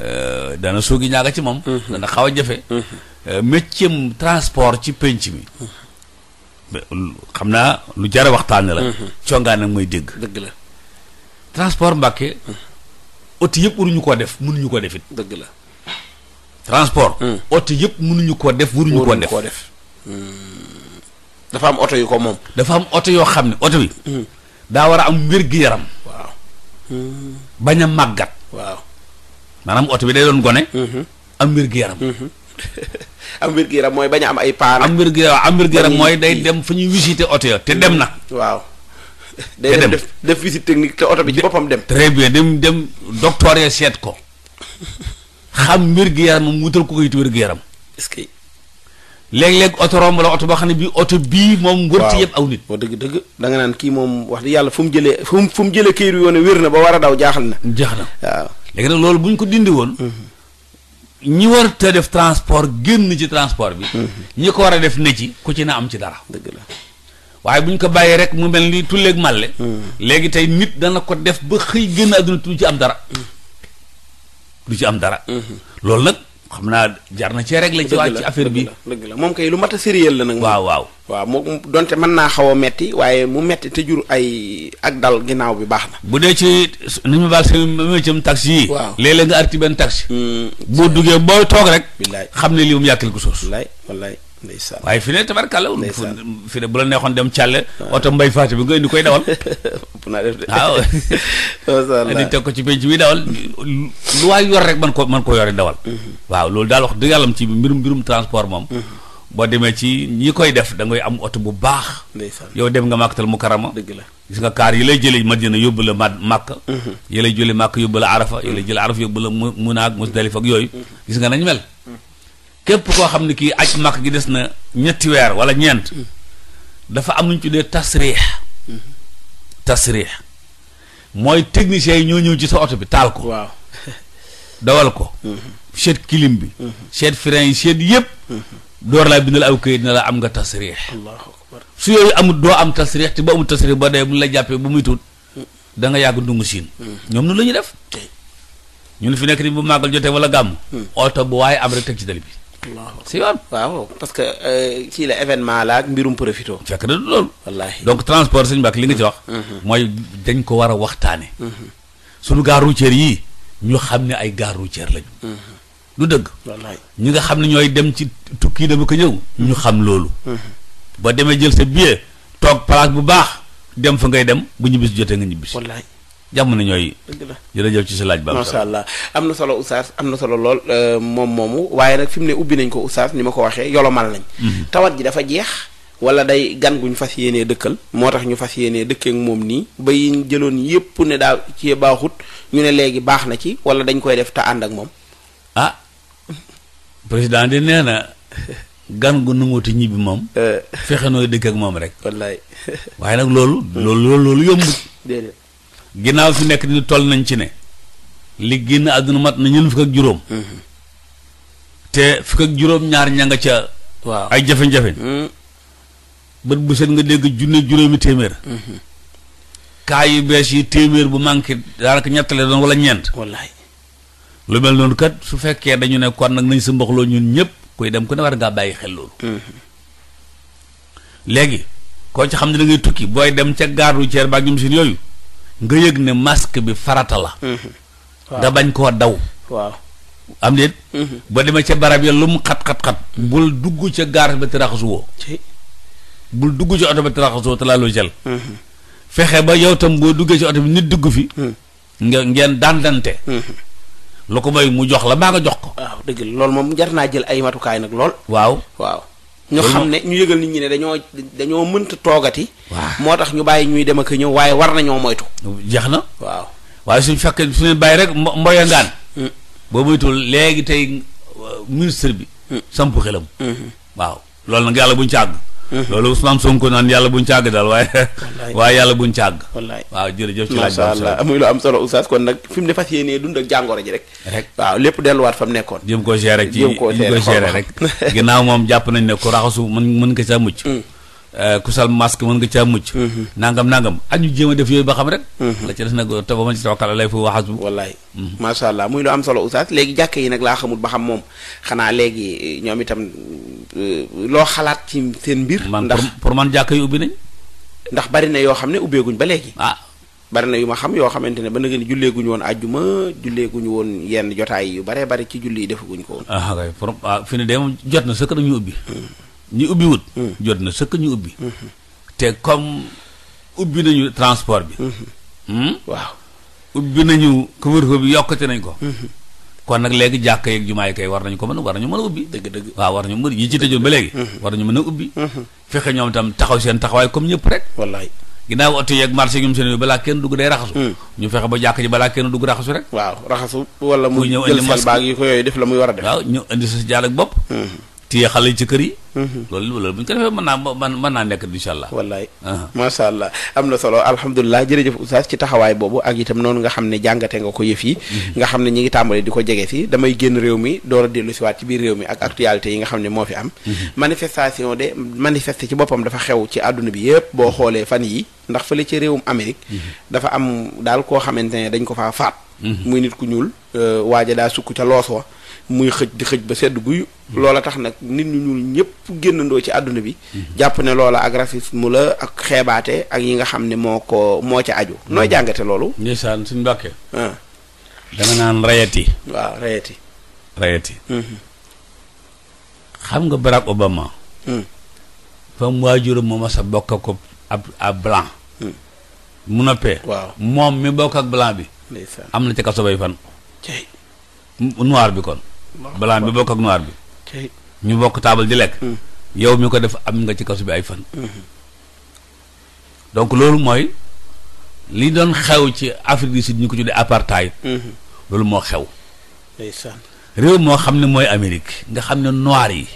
Euh, dana suugi ñaaga ci moom mm-hmm. dana xaw a jafe mm-hmm. euh, méccem transport ci penc mi euh, xam naa lu jara waxtaane la mm-hmm. congaan mooy dégg dëgg la transport Mbàkke oto yëpp waruñu koo def mënuñu koo defit dëgg la transport mm. oto yëpp mënuñu koo def waruñu koo def mm. dafa am oto yu ko moom dafa am oto yoo xam ne oto bi mm. daa war a am wér-gi-yaram waaw bañ a màggat maanaam oto bi day doon gone. Mhm. am wér gu yaram. Mhm. am wér gu yaram mooy bañ am ay paan. am wér am wér gu mooy day dem fu ñuy visiter oto ya te dem na. waaw. day def def visite technique te oto bi ci boppam dem. très bien dem dem docteur ya seet ko xam wér gi yaram mu wutal ko koy wér gu yaram. est-ce que. léeg-léeg romb la oto boo xam ne bii oto bii moom wërti yëpp aw nit waaw dëgg dëgg da nga naan kii moom wax di yàlla fu mu jëlee fu mu fu mu jëlee këyit yoone wér na ba war a daw jaaxal na jeex na léegi loolu bu ñu ko dindi woon ñi war te def transport génn ci transport bi ñi ko war a def ne ci ku ci na am ci dara dëgg waaye bu ñu ko bàyyee rek mu mel ni tulleeg màlle mm. léegi tey nit dana ko def ba xëy génn àdduna du ci am dara du ci am dara mm-hmm. loolu nag xam naa jar na cee rek ci waa ci affaire bi dëgg la moom kay lu mat a sérieux la nag waaw waaw waaw moom donte mën naa xaw a metti waaye mu metti te jur ay ak dal ginnaaw bi baax na bu dee ci ni ñu baal seen métier taxi yi waaw léeg-léeg nga arti benn taxi mm. boo duggee booy toog rek billaay xam ne lii moom yàkkal ko soos wallaay wallaay ndeysaan waaye fi ne tabarkàlla fi ne bu la neexoon dem càlle oto mbay faati bi nga indi koy dawal naa def de waaw ko ci penc bi dawal lu waay yor rek man ko man ko yore dawal mhm. waaw loolu daal wax dëgg yàlla ci mbirum mbirum transport moom mhm. boo demee ci ñi koy def dangay am oto bu baax yow dem nga màkkatal mu karama dëgg la gis nga kaar yi lay jëlee Madina yóbbu la ma màkk mhm. yi lay jëlee màkk yóbbu la arafa yi lay jëlee arafa yóbbu la munaag musdalifa ak yooyu gis nga nañ mel képp koo xam ne kii aj makk gi des na ñetti weer wala ñeent dafa am lu ñu tuddee tasriix mooy technicien yi ñoo ñëw ci sa oto bi taal ko waaw dawal ko mhm. seet kilim bi mhm. seet frein yi seet yëpp bi na bindal aw këyit ne la am nga tasriix allahu su yooyu amul doo am tasriix te ba amul tasriix ba dee bu la jàppee bu muy tuut mhm. da nga yàgg ndungu siin ñoom nu la ñuy def ñun fi nekk ni bu màggal jotee wala gàmm oto bu waaye am rek teg ci dal bi si waat waaw parce que euh, kii la événement la ak mbirum profito fekk na du loolu wallaahi donc transport sëñ Mbacke li nga ci wax mhm. mooy dañ ko war a waxtaane mhm. suñu gare routière yii ñu xam ne ay gare routière lañu mhm. du dëgg ñi nga xam ne ñooy dem ci tukki dama ko ñëw ñu xam loolu ba demee jël sa billet toog place bu baax dem fa ngay dem bu ñibbisi jotee nga ñibbisi wallaahi jamono ñooy. dëgg la jërëjëf ci si laaj ba. macha allah am na solo oustaz am na solo lool euh, moom moomu waaye nag fi mu ne ubbi nañ ko oustaz ni ma ko waxee yolomal nañ. Mhm. tawat ji dafa jeex. wala day gan guñ fas yéenee dëkkal moo tax ñu fas yéenee dëkkee ak moom nii ba yi jëloon yépp ne daa cee baaxut ñu ne léegi baax na ci wala dañ koy def te ànd ak moom. ah président di nee na gan gu nanguute ñibbi moom. Euh. fexe nooy dëkk moom rek. wallaay waaye nag loolu. loolu loolu loolu yombut. ginnaaw fi nekk di toll nañ ci ne li génn àdduna mat na ñun fukk ak juróom te fukk ak juróom ñaar ña nga ca waaw ay jafe-jafe mm. bët bu set nga dégg junne juróomi téeméer kaa mm-hmm. bees yi téeméer bu manqué daanaka ñettale doon wala ñeent wallaay lu mel noonu kat su fekkee dañu ne kon nag nañ sa mboxloo ñun ñëpp koy dem ku ne war ngaa bàyyi xel loolu mm-hmm. léegi koo ci xam ne da ngay tukki booy dem ca gaaru ceer baa ñum sin yooyu nga yëg ne masque bi farata la. nga bañ koo daw. waaw am déet. Mhm. ba ma ca barab ya lu mu xat xat xat. bul dugg ca gaar ba te bul dugg ci oto ba te raxasuwoo te jël. Mhm. fexe ba yow tam boo duggee ci oto bi nit dugg fi. Mhm. nga ngeen dandante. lu ko may mu jox la maa nga jox ko. waaw loolu moom jar naa jël ay matukaay nag lool. waaw waaw. ñu xam ne ñu yëgal nit ñi ne dañoo dañoo mënta toogati. waaw moo tax ñu bàyyi ñuy dem ak ñëw waaye war nañoo moytu. jeex na waaw. waaye suñ fekkee suñu bàyyi rek mbo mboya ngaan. Mm. boo moytuwul léegi tey euh, ministre bi. Mm. sampu xelam. Mm-hmm. waaw loolu nag yàlla buñ ci àgg. loolu Ousmane Sonko naan yàlla buñ càgg daal waaye waaye yàlla buñ càgg wallaay waaw jërëjëf ci laaj masha Allah muy lu am solo oustaz kon nag fi mu ne fas yéenee dund ak jàngoro ji rek rek waaw lépp delluwaat fa mu nekkoon jëm koo gérer ci jëm koo gérer rek ginnaaw moom jàpp nañ ne ku raxasu mën mën nga ca mucc mm. Euh, ku sal masque mën nga caa mucc nangam mhm. nangam añu jéem a def yooyu ba xam rek mhm. la des nag te ba ma ci tawakkal lay fu waxas bu wallaay mhm. macha allah muy lu am solo oustaz léegi jàkke yi nag laa xamul ba xam moom xanaa léegi eh, ñoom itam eh, loo xalaat ci seen mbir man ndax pour man jàkk yi ubbi ndax bari na yoo xam ne ubbeeguñ ba léegi ah bari na yu ma xam yoo xamante ne ba na ngeen julleeguñu woon àjjuma julleeguñu woon yenn jotaay yu baree bari ci julli yi defaguñ ko woon ah, ah, jot na sëkk nañu ubbi ñu ubbi wut. Mm. jot na sëkk ñu ubbi. Mm-hmm. te comme ubbi nañu transport bi. Mm-hmm. Hmm? waaw ubbi nañu couvre-feu bi yokkati nañ ko. Mm-hmm. kon nag léegi jàkka yeeg jumaa yi kay war nañu ko mën war nañu mën a ubbi. dëgg dëgg waaw war nañu mën yi ci tëjoon ba léegi. war nañu mën a ubbi. fexe ñoom itam taxaw seen taxawaay comme ñëpp rek. wallaay ginnaaw oto yeeg marché ñoom seen balaa kenn dugg day raxasu. Mm. ñu fexe ba jàkk ji balaa kenn dugg raxasu rek. waaw raxasu wala mu jël seen baa ngi ko yooyu def la muy war a def. waaw ñu indi sa jaal bopp. téye xale yi ci kër yi Mhm. loolu loolu bu ñu ko defee mën naa mën naa nekk incha allah. wallaay ah. macha allah am na solo alhamdulilah jërëjëf oustaz ci taxawaay boobu ak itam noonu nga xam ne jàngate nga ko yëf yi mhm. nga xam ne ñi ngi tàmbali di ko jege si damay génn réew mi door a dellu siwaat ci biir réew mi ak mhm. actualité yi nga xam ne moo fi am manifestation de manifesté ci boppam dafa xew ci àdduna bi yëpp boo xoolee fan yi ndax fële ci réewum Amérique dafa am daal koo xamante ne dañ ko faa faat muy nit ku ñuul euh, waaja daa sukk muy xëj di xëj ba sedd guyu loola tax nag nit ñu ñuul ñëpp génnandoo ci àdduna bi jàpp ne loola ak racisme la ak xeebaate ak yi nga xam ne moo ko moo ci aju mm-hmm. nooy jàngate loolu ndeysaan suñ mbàkke ah. danga naan rayati waaw rayati mm-hmm. xam nga Barack Obama mm. fam waajuram moom a sa bokk ko ab blanc mm. mu noppee waaw moom mi bokk ak blanc bi am na ca kaso bay fan noir bi kon balaan bi bokk ak noir bi ñu bokk taabal di lekk mm. yow mi ko def am nga ci kaso bi ay fan mm-hmm. donc loolu mooy li doon xew ci Afrique du Sud ñu ko tuddee apartheid mm-hmm. loolu moo xew réew moo xam ne mooy Amérique nga xam ne noir yi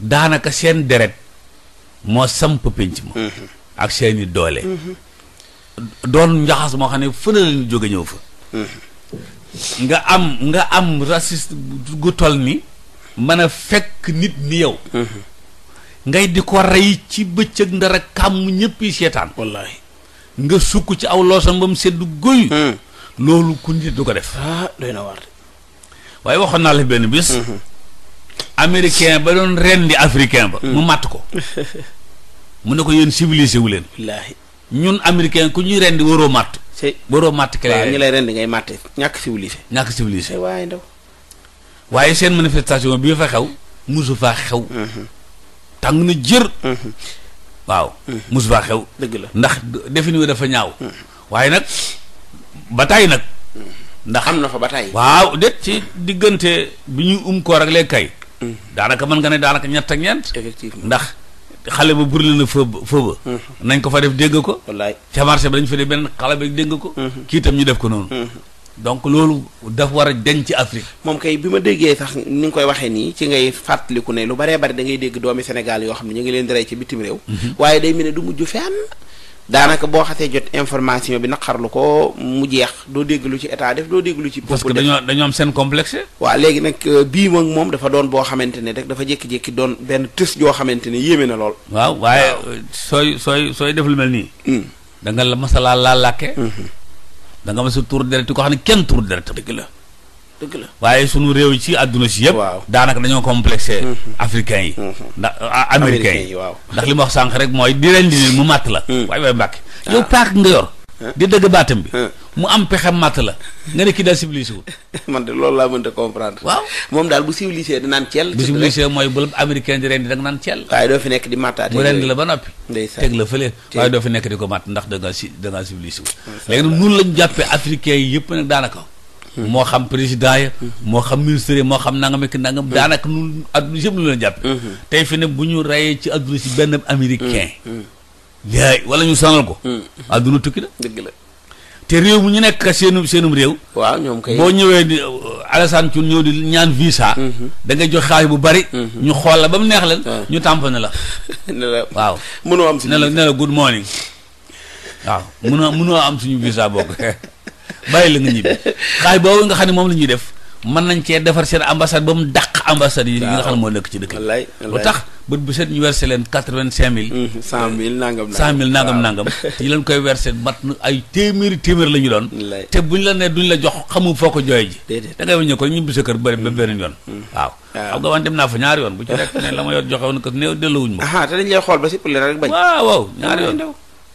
daanaka seen deret moo samp pénc ma mm-hmm. ak seeni doole doon njaxas moo xam ne fu ne lañu jóge ñëw fa nga am nga am raciste gu toll ni mën a fekk nit ni yow mm-hmm. ngay di ko rey ci bëccëg ndara kàmm ñëpp yi seetaan nga sukk ci aw loosam ba mu seddu guy mm. loolu ku nit du ko def ah doy waaye waxoon naa la benn bis mm-hmm. américain ba doon rendi africain ba mu màtt mm. ko mu ne ko yéen civilisé wu leen ñun americain ku ñuy rendi waroo màtt. c'est waroo màtt waaw ñi lay rendi ngay màtte ñàkk civilisé. ñàkk civilisé waaye ndaw. waaye seen manifestation bi fa xew. musu faa xew. Mhm. tàng na jër. Mhm. waaw. Mhm. musu faa xew. dëgg la ndax défini dafa ñaaw. waaye nag ba tey nag. ndax am na fa ba tey. waaw déet ci diggante bi ñuy um koor ak léegi kay. daanaka man nga ne daanaka ñett ak ñeent. effectivement ndax. xale ba brûlé na feu feu mm-hmm. nañ ko fa def dégg ko wallaay ca marché ba dañ fa def benn xale ba dégg ko mm-hmm. kii tam ñu def ko noonu mm-hmm. donc loolu daf war a denc ci Afrique moom kay bi ma déggee sax ni nga koy waxee nii ci ngay fàttaliku ne lu baree bari dangay dégg doomi Sénégal yoo xam ne ñu ngi leen di ci bitim réew waaye day mel ne du mujj fenn daanaka boo xasee jot information bi naqarlu ko mu jeex doo dégg lu ci état def doo dégg lu ci. parce que dañoo dañoo am seen complexe. waaw léegi nag euh, bii moom moom dafa doon boo xamante ne rek dafa jékki-jékki doon benn tës joo xamante ne yéeme na lool. waaw waaye sooy sooy sooy def lu mel nii. Hmm. da nga la masalaa laa làkke hmm, hmm. da nga mas a tuur deret ko xam ne kenn tuur deret dëgg la. waaye sunu réew yi ci àdduna si yëpp. daanaka dañoo complexé. Mm-hmm. africain yi. Mm-hmm. ndax américain yi ndax li ma wax sànq rek mooy di leen di mu màtt la. waaye mm. waaye mbàkk ah. yow mu am pexe matt la nga ne kii daal civilisé wul. moom daal bu civilisé dinaan ceel. bu civilisé mooy bu américain di rendi da nga naan ceel. waaye doo fi nekk di mattaate. mu rendi la ba noppi. ndeysaan teg la fële. waaye doo fi nekk di ko matt ndax da ngaa si da ngaa civilisé wul. jàppee africain yi yëpp nag daanaka. Mm-hmm. moo xam président ya mm-hmm. moo xam ministre ya moo xam nanga mekk nangam mm-hmm. daanaka nun adduna yëpp lu leen jàppe tey fi ne bu ñu rayee ci adduna si benn américain yaay wala ñu sanal ko adduna tukki dëgg la te réew mu ñu nekk seenu seenum réew waaw ñoom kay boo ñëwee di Alassane ñëw di ñaan visa da ngay jox xaalis bu bari ñu xool la ba mu neex la ah. ñu tàmp ne la ne la si ne la ne la good morning waaw mënoo mënoo am suñu visa bokk bàyyi la nga ñibbi xaay boobu nga xam ne moom la ñuy def mën nañ kee defar seen ambassade ba mu dàq ambassade yi nga xam ne moo nekk ci dëkk wallaay tax bët bu set ñu versé leen quatre-vingt-cinq mille mm-hmm. cent mille nangam cent mille nangam nangam yi leen koy versé mat na ay téeméeri téeméer la doon te bu ñu la ne la jox xamu foo ko jooye ji da ko ñibbi sa kër bëri ba beneen yoon mm-hmm. waaw xam nga man dem naa fa ñaari yoon bu ci nekk ne la ma yor joxe xool ba si pour rek bañ waaw waaw ñaari yoon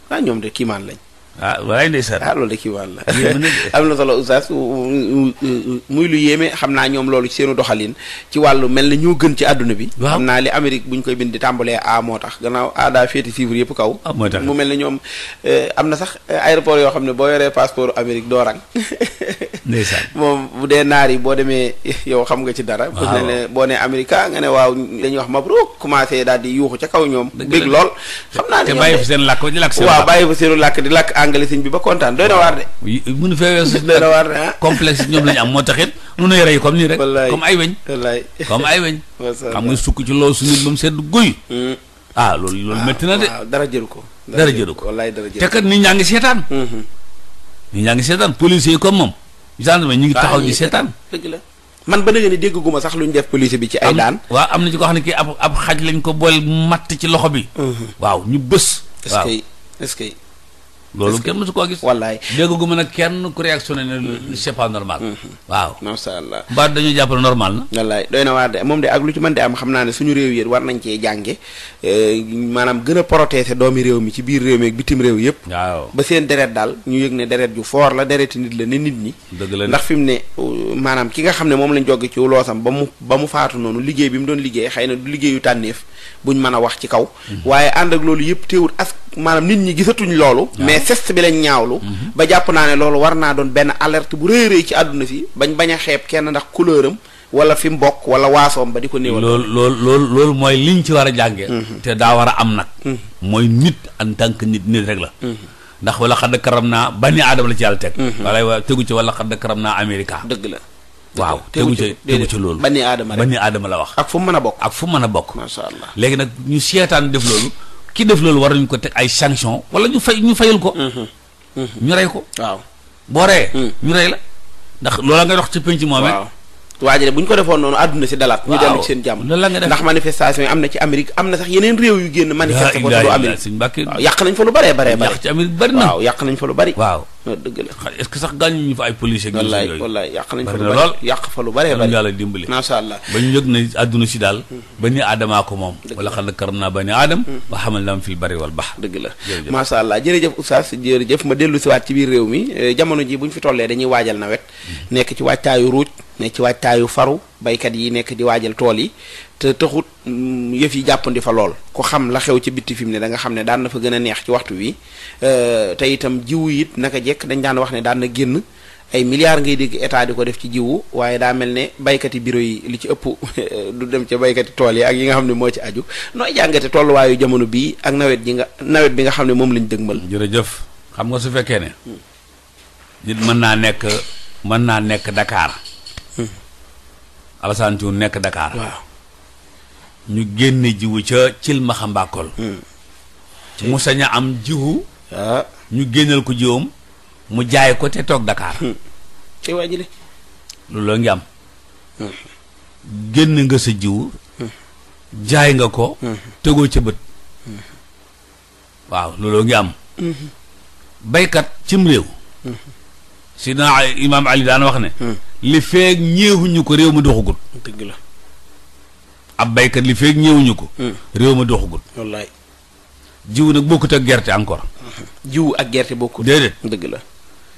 ah ñoom de kiimaan lañ ah walaay ndeysaan ah loolu de kii wàll am na solo oustaz muy lu yéeme xam naa ñoom loolu ci seenu doxalin ci wàllu mel na ñoo gën ci àdduna bi xam naa li Amérique bu ñu koy bindi di tàmbalee a moo tax gannaaw a daa féeti chiffre yëpp kaw ah, mu mel ne ñoom eh, am na sax eh, aéroport yoo xam ne boo yoree passeport Amérique doo rang moom bu dee naar yi boo demee yow xam nga ci dara bu ne boo ne américa nga ne waaw dañuy wax mabrouk commencé daal di yuuxu ca kaw ñoom bég lool xam naa ne bàyyi fa seen làkk di làkk seen waaw bàyyi di làkk anglais bi ba kontaan doy na waar de mënu feewee doy na waar de ah complexe ñoom lañu am moo taxit nu nuy rey comme nii rek comme ay weñ comme ay weñ xam nga sukk ci loolu su nit ba mu sedd guy hmm. ah loolu loolu ah, métti na de dara jëru ko dara jëru ko wallaay dara jëru ko te kat ñaa ngi seetaan hmm. nit ñaa moom gendarme ñu ngi taxaw di seetaan dëgg la man ba nga ni dégg guma sax lu ñu def police bi ci ay daan waaw am na ci ko xam ne kii ab ab xaj lañ ko boole matt ci loxo bi waaw ñu bës est-ce que ce loolu kenn mësu koo gis. wallaay dégg gu mën a kenn ku réactionné ne c'est pas normal. Mhm. waaw macha allah. mbaa normal na. wallaay doy na waa de moom de ak lu ci mën de am xam naa ne suñu réew yi war nañ cee jànge eh, maanaam gën a protéger doomi réew mi ci biir réew mi ak bitim réew yëpp. ba seen deret daal ñu yëg ne deret ju foor la dereti nit la ne nit ñi. dëgg la ndax fi mu ne maanaam ki nga xam ne moom lañ jogg ci loosam ba mu ba mu faatu noonu liggéey bi mu doon liggéey xëy na du liggéeyu tànneef buñ mën a wax ci kaw. Mhm. maanaam nit ñi gisatuñ loolu ah. mais geste bi lañ ñaawlu mhm. ba jàpp naa ne loolu war naa doon benn alerte bu rëy rëy ci àdduna si bañ bañ a xeeb kenn ndax couleur am wala fi mu bokk wala waasoom ba di ko néewal loolu loolu loolu loolu mooy liñ ci war a jànge mhm. te daa war am nag mhm. mooy nit en tant que nit nit la ndax wala xadd karam naa bani aadama la ci yàlla teg wala waa tegu ci wala xadd karam naa américa dëgg la waaw tegu ci tegu ci loolu bani aadama la wax ak fu mu mën a bokk ak fu mu a bokk macha allah léegi nag ñu seetaan def loolu ki def loolu war nañu ko teg ay sanction wala ñu fay ñu fayal ko. Mhm. Mhm. ñu rey ko. waaw boo reyee. Mhm. ñu rey la ndax loola ngay dox ci penc moom waaw waa ji de bu ñu ko defoon noonu àdduna si dalaat. ñu dellu ndax manifestation am na ci Amérique am na sax yeneen réew yu génn. manifester ko du Amérique yàq nañ fa lu bëree bëree bëri. yàq ci Amérique yàq nañ fa lu bëri. waaw mais dëgg la est-ce que sax gaañu ñu fa ay policiers. wallaay wallaay yàq nañ fa lu bari yàq fa lu bari yàlla dimbali macha allah ba ñu yëg ne àdduna si daal hmm. ba ni aadamaa ko moom wala xam ne karam naa ba ni aadam ba hmm. xamal na am fil bari wal bax dëgg la macha allah jërëjëf oustaz jërëjëf ma dellu si waat ci biir réew mi eh, jamono ji bu ñu fi tollee dañuy waajal nawet hmm. nekk ci waajtaayu ruuj nekk ci waajtaayu faru baykat yi nekk di waajal tool yi te taxut yëf yi ndi fa lool ku xam la xew ci bitti fi mu ne da nga xam ne daan na fa gën a neex ci waxtu wi euh, te itam jiwu it naka jekk dañ daan wax ne daan na génn ay milliards ngay dégg état di ko def ci jiwu waaye daa mel ne baykati bureau yi li ci ëpp du dem ca baykati tool yi ak yi nga xam ne moo ci aju nooy jàngate tolluwaayu jamono bii ak nawet ji nga nawet bi nga xam ne moom lañ dëgmal. jërëjëf xam nga su fekkee ne. Hmm. mën naa nekk mën naa nekk Dakar. Hmm. Alassane Diouf nekk Dakar ñu génne jiwu ca cilmaxa mbàkkol hmm. mu sañ am jiwu ah. ñu génnal ko jiwam mu jaay ko te toog Dakar ci hmm. waa ji ngi am hmm. génn nga sa jiwu jaay nga ko tegoo ca bët waaw looloo ngi am baykat cim réew si na imaam ali daan wax ne li feeg ñeexuñu ko réew mi doxagut dëgg la ab baykat li feeg ñëwuñu ko. Hmm. réew ma doxagul. wallaay jiw nag bokkut ak gerte encore. Hmm. jiw ak gerte bokkut. déedéet dëgg la.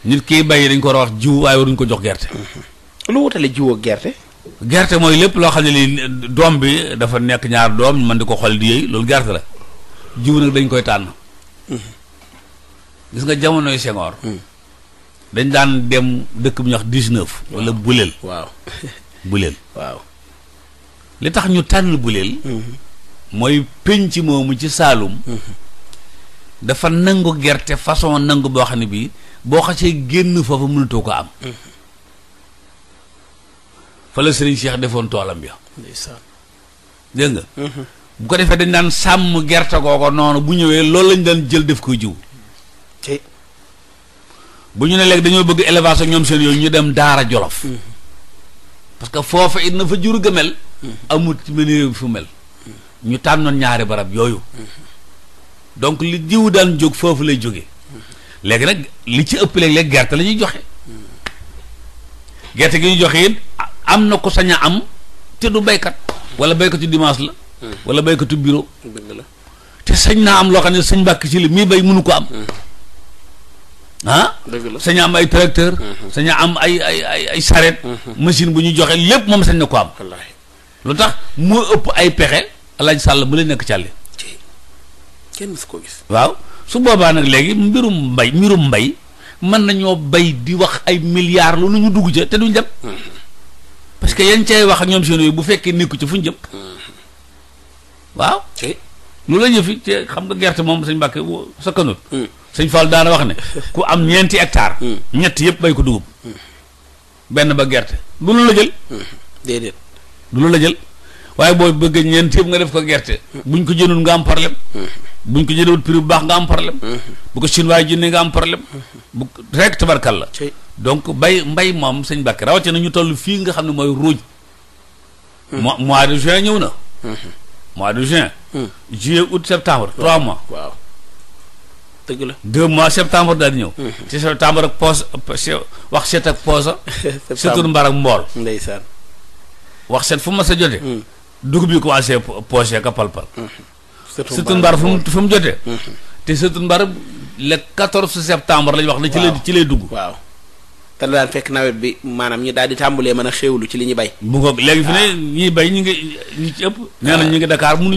nit kii bay dañ ko war a wax jiw waaye waruñ ko jox gerte. Hmm. lu wutale jiw ak gerte. gerte mooy lépp loo xam ne lii doom bi dafa nekk ñaar doom ñu mën di ko xool di yëy loolu gerte la jiw nag dañ koy tànn. gis nga jamonoy Senghor. dañ daan dem dëkk bu ñuy wax dix-neuf. wala buleel. waaw buleel waaw. li tax ñu tànn buleel mooy penc moomu ci saalum dafa nangu gerte façon nangu boo xam ne bii boo xasee génn foofu mënatoo ko am fa la sëriñ Cheikh defoon toolam ya dégg nga mhm. bu ko defee dañ daan sàmm gerte googu noonu bu ñëwee loolu lañ daan jël def ko jiw bu ñu ne léegi dañoo bëgg élevage ak ñoom seen yooyu ñu dem daara jolof mhm. parce que it na fa jur gëmel amul ci benn mel ñu tànnoon ñaari barab yooyu donc li jiwu daan jóg foofu lay jóge léegi nag li ci ëpp léeg-léeg gerte la ñuy joxe gerte gi ñu joxe am na ko sañ a am te du béykat wala béykatu dimanche la wala béykatu bureau te sañ naa am loo xam ne sañ mbàkk ci li mii béy mënu ko am mm. ah dëgg la sañ am ay tracteur mm-hmm. sañ am ay ay ay ay charrette mm-hmm. machine bu ñu joxe lépp moom sañ na ko am lu tax moo ëpp ay pexe lañ sàll bu la nekk càlli kenn su waaw su boobaa nag léegi mbirum mbay mbirum mbay mën nañoo bay di wax ay milliards lu ñu dugg ca te duñ dem mm-hmm. parce que yan cay wax ak ñoom seen yooyu bu fekkee nekku ci fu ñu jëm mm-hmm. waaw lu la yëfi te xam nga gerte moom sañ sëñ Mbàkke sakkanut mm. sañ Fall daana wax ne ku am ñeenti hectare mm. ñett yëpp bay ko dugub mm. benn ba gerte du lu la jël du la jël waaye boo bëgg ñeent yëpp nga def ko gerte buñ ko jëndul nga am problème buñ ko jëndewul prix bu baax nga am problème bu ko chinois jëndee nga am problème bu rek tabarkal la donc bay mbay moom sëñ Bàkke rawatina ñu toll fii nga xam ne mooy ruuj mois de juin ñëw na mois de juin juillet août septembre trois mois waaw dëgg la deux mois septembre daal ñëw mhm. ci septembre ak poos wax seet ak poosa surtout mbar ak mbool ndeysaan wax set fu mu mës a jotee. Hmm. bi yi commencé poosé ka palpal. Hmm. sëtu mbar fu mu fu mu jotee. Hmm. te sëtu mbar le 14 septembre lañ wax. waaw ne ci lay ci lay dugg. waaw te daan fekk nawet bi maanaam ñu daal di tàmbalee mën a xéewlu ci li ñu bay bu ngoog léegi fi ne ah. ñiy bay ñi ngi ñi ci ëpp nee na ñu ngi Dakar dem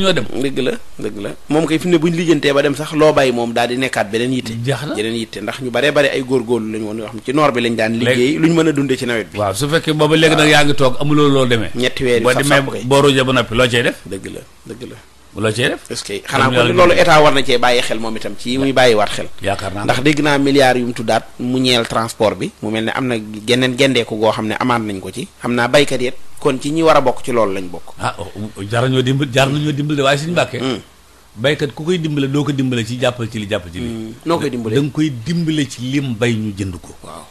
dëgg la dëgg la moom koy fi ne bu ñu lijjantee ba dem sax loo bay moom daal di nekkaat beneen yitte yeneen yitte ndax ñu baree bare ay góorgóorlu lañu woon yoo ci noor bi lañ daan liggéey lu ñu mën a dunde ci nawet bi waaw su fekkee booba léegi nag yaa ngi toog amuloo loo demee ñetti weer boo demee boo roje ba noppi loo loo cee que xanaa kon loolu état war na cee bàyyi xel moom itam ci muy bàyyi waat xel yaakaar naa ndax dégg naa milliards yu mu tuddaat mu ñeel transport bi mu mel ni am na geneen gendeeku goo xam ne amaat nañ ko ci xam naa baykat yi kon ci ñi war a bokk ci loolu lañ bokk ah oh, oh, jar nañoo dimbal jar nañoo dimbale waaye suñu mbàkkee hmm. baykat ku koy dimbale doo ko dimbale ci jàppal ci li jàppal ci li hmm. noo koy dimbale da koy dimbale ci lim bay ñu jënd ko waaw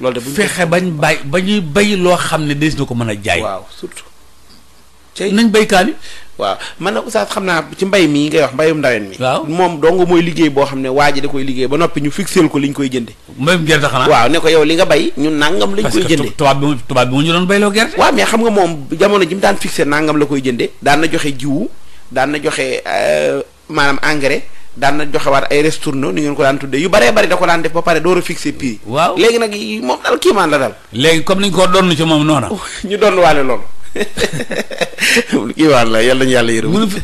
loolu de fexe bañ bay ba ñuy bay loo xam ne des na ko mën a jaay waaw surtout nañ béy kaani waaw man na oustaz xam naa ci mbay mii ngay wax mbayum ndawen mi waaw moom dong mooy liggéey boo xam ne waa ji da koy liggéey ba noppi ñu fixeel ko li ñu koy jënde mbayum gerte xanaa waaw ne ko yow li nga bay ñun nangam lañ koy jënde tubaab bi ñu doon bayloo gerte waaw mais xam nga moom jamono ji mu daan fixé nangam la koy daan na joxe jiwu daan na joxe euh, maanaam engrais daan na joxewaat ay restourno ni ngeen ko daan yu baree bari da ko daan def ba pare door a fixé prix waaw léegi dal léegi comme niñ ko doon ci moom noona ñu doon waale loolu kii waan la yàlla ñu yàlla yërëm. mënu fi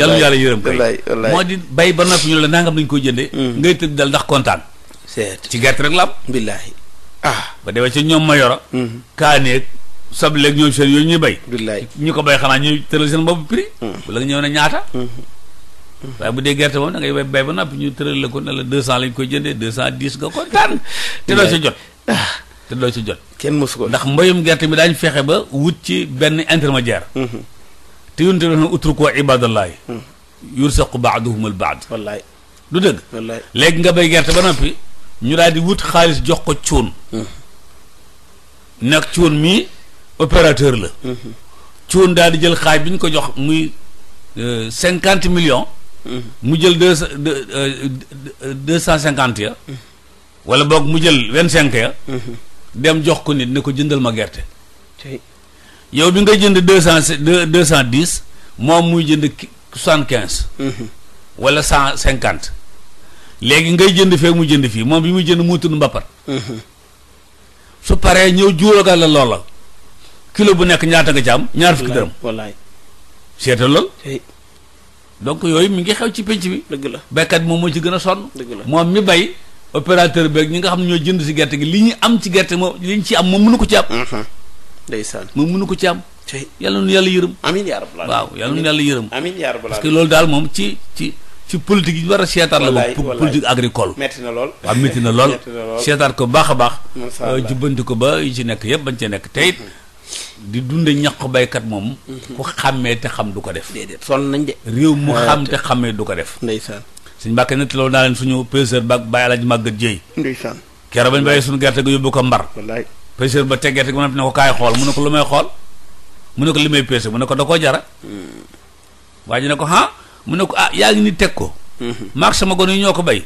yàlla ñu yàlla yërëm. wallaay wallaay moo di bay ba noppi ñu la nangam lañ koy jëndee. Mm. ngay tëdd dal ndax kontaan. seet ci gàtt la am. billaahi ah. ba demee ci ñoom ma yoro mm. kaaneeg sableeg ñoom seen yooyu ñuy bay. billaahi ñu ko bay xanaa ñuy tëral seen bopp prix. wala mm. nga ñëw ñaata. Mm-hmm. Mm-hmm. waaye bu dee gerte moom da ngay bay ba noppi ñu tëral la ko ne la deux cent lañ koy jëndee deux cent dix nga kontaan. te doo sa jot. Ah. te doo ci jot. kenn mosu ko ndax mbayum gerte mi daañu fexe ba wut ci benn intermédiaire. Mhm. te yonte doon utruku ibadallahi mhm. yursaqu baaduhum al baad. wallaay du dëgg. wallaay léegi nga bay gerte ba noppi ñu daal di wut xaalis jox ko cuun. Mhm. nekk cuun mi opérateur la. cuun daal di jël xaaj bi ñu ko jox muy euh, cinquante million mu jël deux euh, deux cent cinquante ya. wala boog mu jël vingt cinq ya. dem jox ko nit ne ko jëndal ma gerte. yow bi ngay jënd deux cent deux cent dix moom muy jënd cent quinze. Mhm. wala cent cinquante. léegi ngay jënd fee mu jënd fii moom bi muy jënd mu tudd mbappat. Mhm. su paree ñëw juróogal la loola kilo bu nekk ñaata nga ci am. ñaar fukki dërëm wallaay seetal lool. donc yooyu mu ngi xew ci pénc bi. dëgg la béykat moom moo ci gën a sonn. la moom mi bay. opérateur beeg ñi nga xam ne ñoo jënd si gerte gi li ñu am ci gerte moom li ñu ci am moom mënu ko ci am. Mhm. ndeysaan moom mënu ko ci am. tey yàlla yàlla yërëm. amiin yaa rabbal waaw yàlla nu yàlla yërëm. amiin yaa rabbal parce que loolu daal moom ci ci ci yi war a seetaat la agricole. métti na lool waaw métti na lool. seetaat ko baax a baax. Euh, jubbanti ko ba yi ci nekk yëpp bañ ci nekk tey mhm. di dunde ñaq baykat moom. Mhm. ku xàmmee te xam du ko def. déedéet sonn nañ réew mu ah, xam te xàmmee du ko def. ndeysaan. suñ mbàkke nett loolu naa leen suñu pêcheur ba bàyyi alaaj màggat jéy ndeysaan keroog bañ bàyyi suñu gerte gi yóbbu ko mbar wallaay pêcheur ba teg gerte gi mu ne ko kaay xool mu ne ko lu may xool mu ne ko li may pêche mu ne ko da koo jara hmm. waa ji ne ko ah mu ne ko ah yaa ngi ni teg ko hmm. maag sama gone yi ñoo ko bay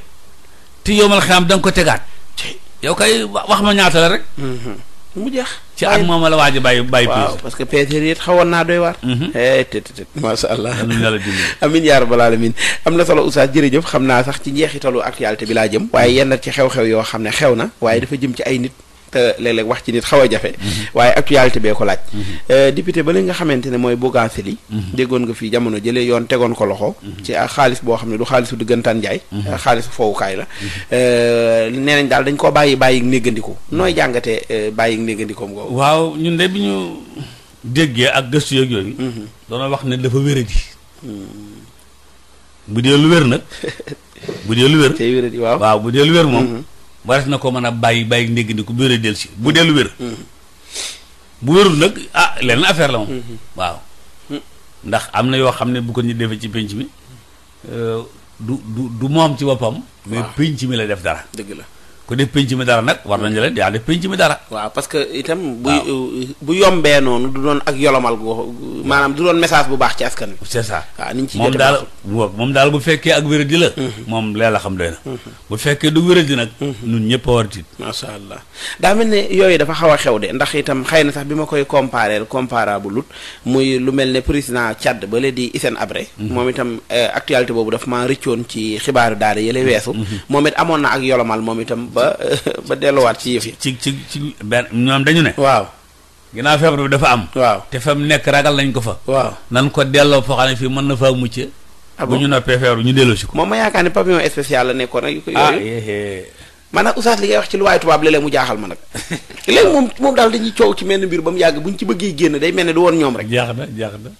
te yomal xeam da nga ko tegaat yow kay wax ma ñaata la rek hmm. mu jeex. ci at moom la waaj a bàyyi bàyyi. waaw parce que peeteer yi xawoon naa doy waar. te te te macha allah. amin yaa rabbal aalamiin am na solo Oustaz jërëjëf xam naa sax ci njeexitalu actualité bi laa jëm. waaye yenn ci xew-xew yoo xam ne xew na waaye dafa jëm ci ay nit. te euh, léeg-léeg wax ci nit xaw a jafe mhm. waaye actualité bee ko laaj mhm. euh, député ba li nga xamante ne mooy Bougazelli mhm. déggoon nga fii jamono jëlee yoon tegoon ko loxo ci xaalis boo xam ne du xaalisu diggantaan njaay euh, xaalisu fowukaay la nee nañ daal dañ koo bàyyi bàyyi néggandiku nooy jàngatee bàyyi néggandikoom googu waaw ñu de bi ñu déggee ak gëstu yeeg yooyu doona wax ne dafa wéradi hmm. bu dee lu wér nag bu dee lu wér waaw bu dee lu wér moom warees na ko mën a bàyyi bàyyi ndégg ni ko bu wéree dellu si bu dellu wér mm-hmm. bu wérul nag ah leneen affaire la moom mm-hmm. waaw mm-hmm. ndax am na yoo xam ne bu ko ñu defee ci pénc mi euh, du du du moom ci boppam mais pénc mi la def dara dëgg la ku def penc mi dara nag war nañu leen yaa def penc mi dara. waaw parce itam. bu yombee noonu du doon ak yolomal gu maanaam du doon message bu baax ci askan wi. c'est ça waaw ni ñu moom bu fekkee ak wéradi la. Mhm. moom leela mhm. bu fekkee du wéradi nag. Mhm. ñun ñëpp a daa mel ne yooyu dafa xaw a xew de ndax itam xëy na sax bi ma koy comparer comparable muy lu mel ne président Tchad ba léegi di Hissène Habré. moom itam euh, actualité boobu daf maa rëccoon ci xibaaru daara yële weesu. moom it ba ba delluwaat ci yëf yi. ci ci ci benn ñoom dañu ne. waaw. ginnaaw feebar bi dafa am. waaw te fa mu nekk ragal nañ ko fa. waaw nan ko delloo foo xam ne fii mën na faa mucc. Ah bu ñu noppee feebar bi ñu delloo si ko. moom ma yaakaar ne pavillon spécial la nekkoon ak. ah yooyu eh, eh. maanaam oustaz li ngay wax ci lu waaye tubaab léeg mu jaaxal ma nag. léegi moom moom daal dañuy coow ci menn mbir ba mu yàgg bu ñu ci bëggee génn day mel ni du woon ñoom rek. jaax na jaax na.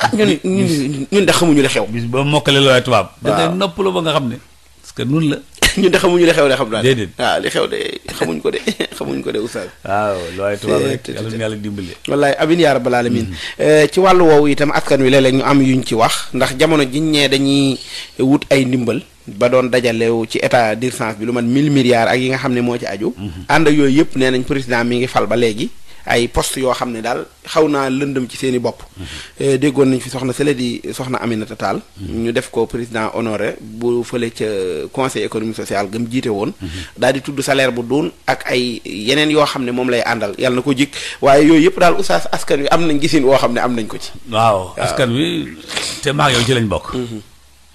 ah ñun ñun ñun de xamuñu li xew. bis ba mokkale lu waaye tubaab. waaw da ngay noppalu ba nga xam ne parce que nun la ñu de xamuñu li xew de xam naa. déedéet waaw ah, li xew de xamuñ ko de xamuñ ko de oustaz. waaw looy tubaab rek yàlla na yàlla dimbali. wallaay amin yaa rabbal alamin mm-hmm. eh, ci wàllu woowu itam askan wi léeg-léeg ñu am yuñ ci wax ndax jamono jiñ ñee dañuy wut ay ndimbal. ba doon dajalew ci état d'urgence bi lu man mille milliards ak yi nga xam ne moo ci aju. Mm-hmm. ànd ak yooyu yëpp nee nañ président mi ngi fal ba léegi. ay poste yoo xam ne daal xaw naa lëndëm ci seen i bopp. Eh, déggoon nañ fi soxna Sële di soxna Aminata taal mhm. ñu def ko président honoré bu fële ca conseil économique social gëm jiite woon. Mhm. daal di tudd salaire bu duun ak ay yeneen yoo xam ne moom lay àndal yàlla na ko jik waaye yooyu yëpp daal oustaz askan wi am nañ gisin woo xam ne am nañ ko ci. waaw askan wi te maa yow ci lañ bokk. Mhm.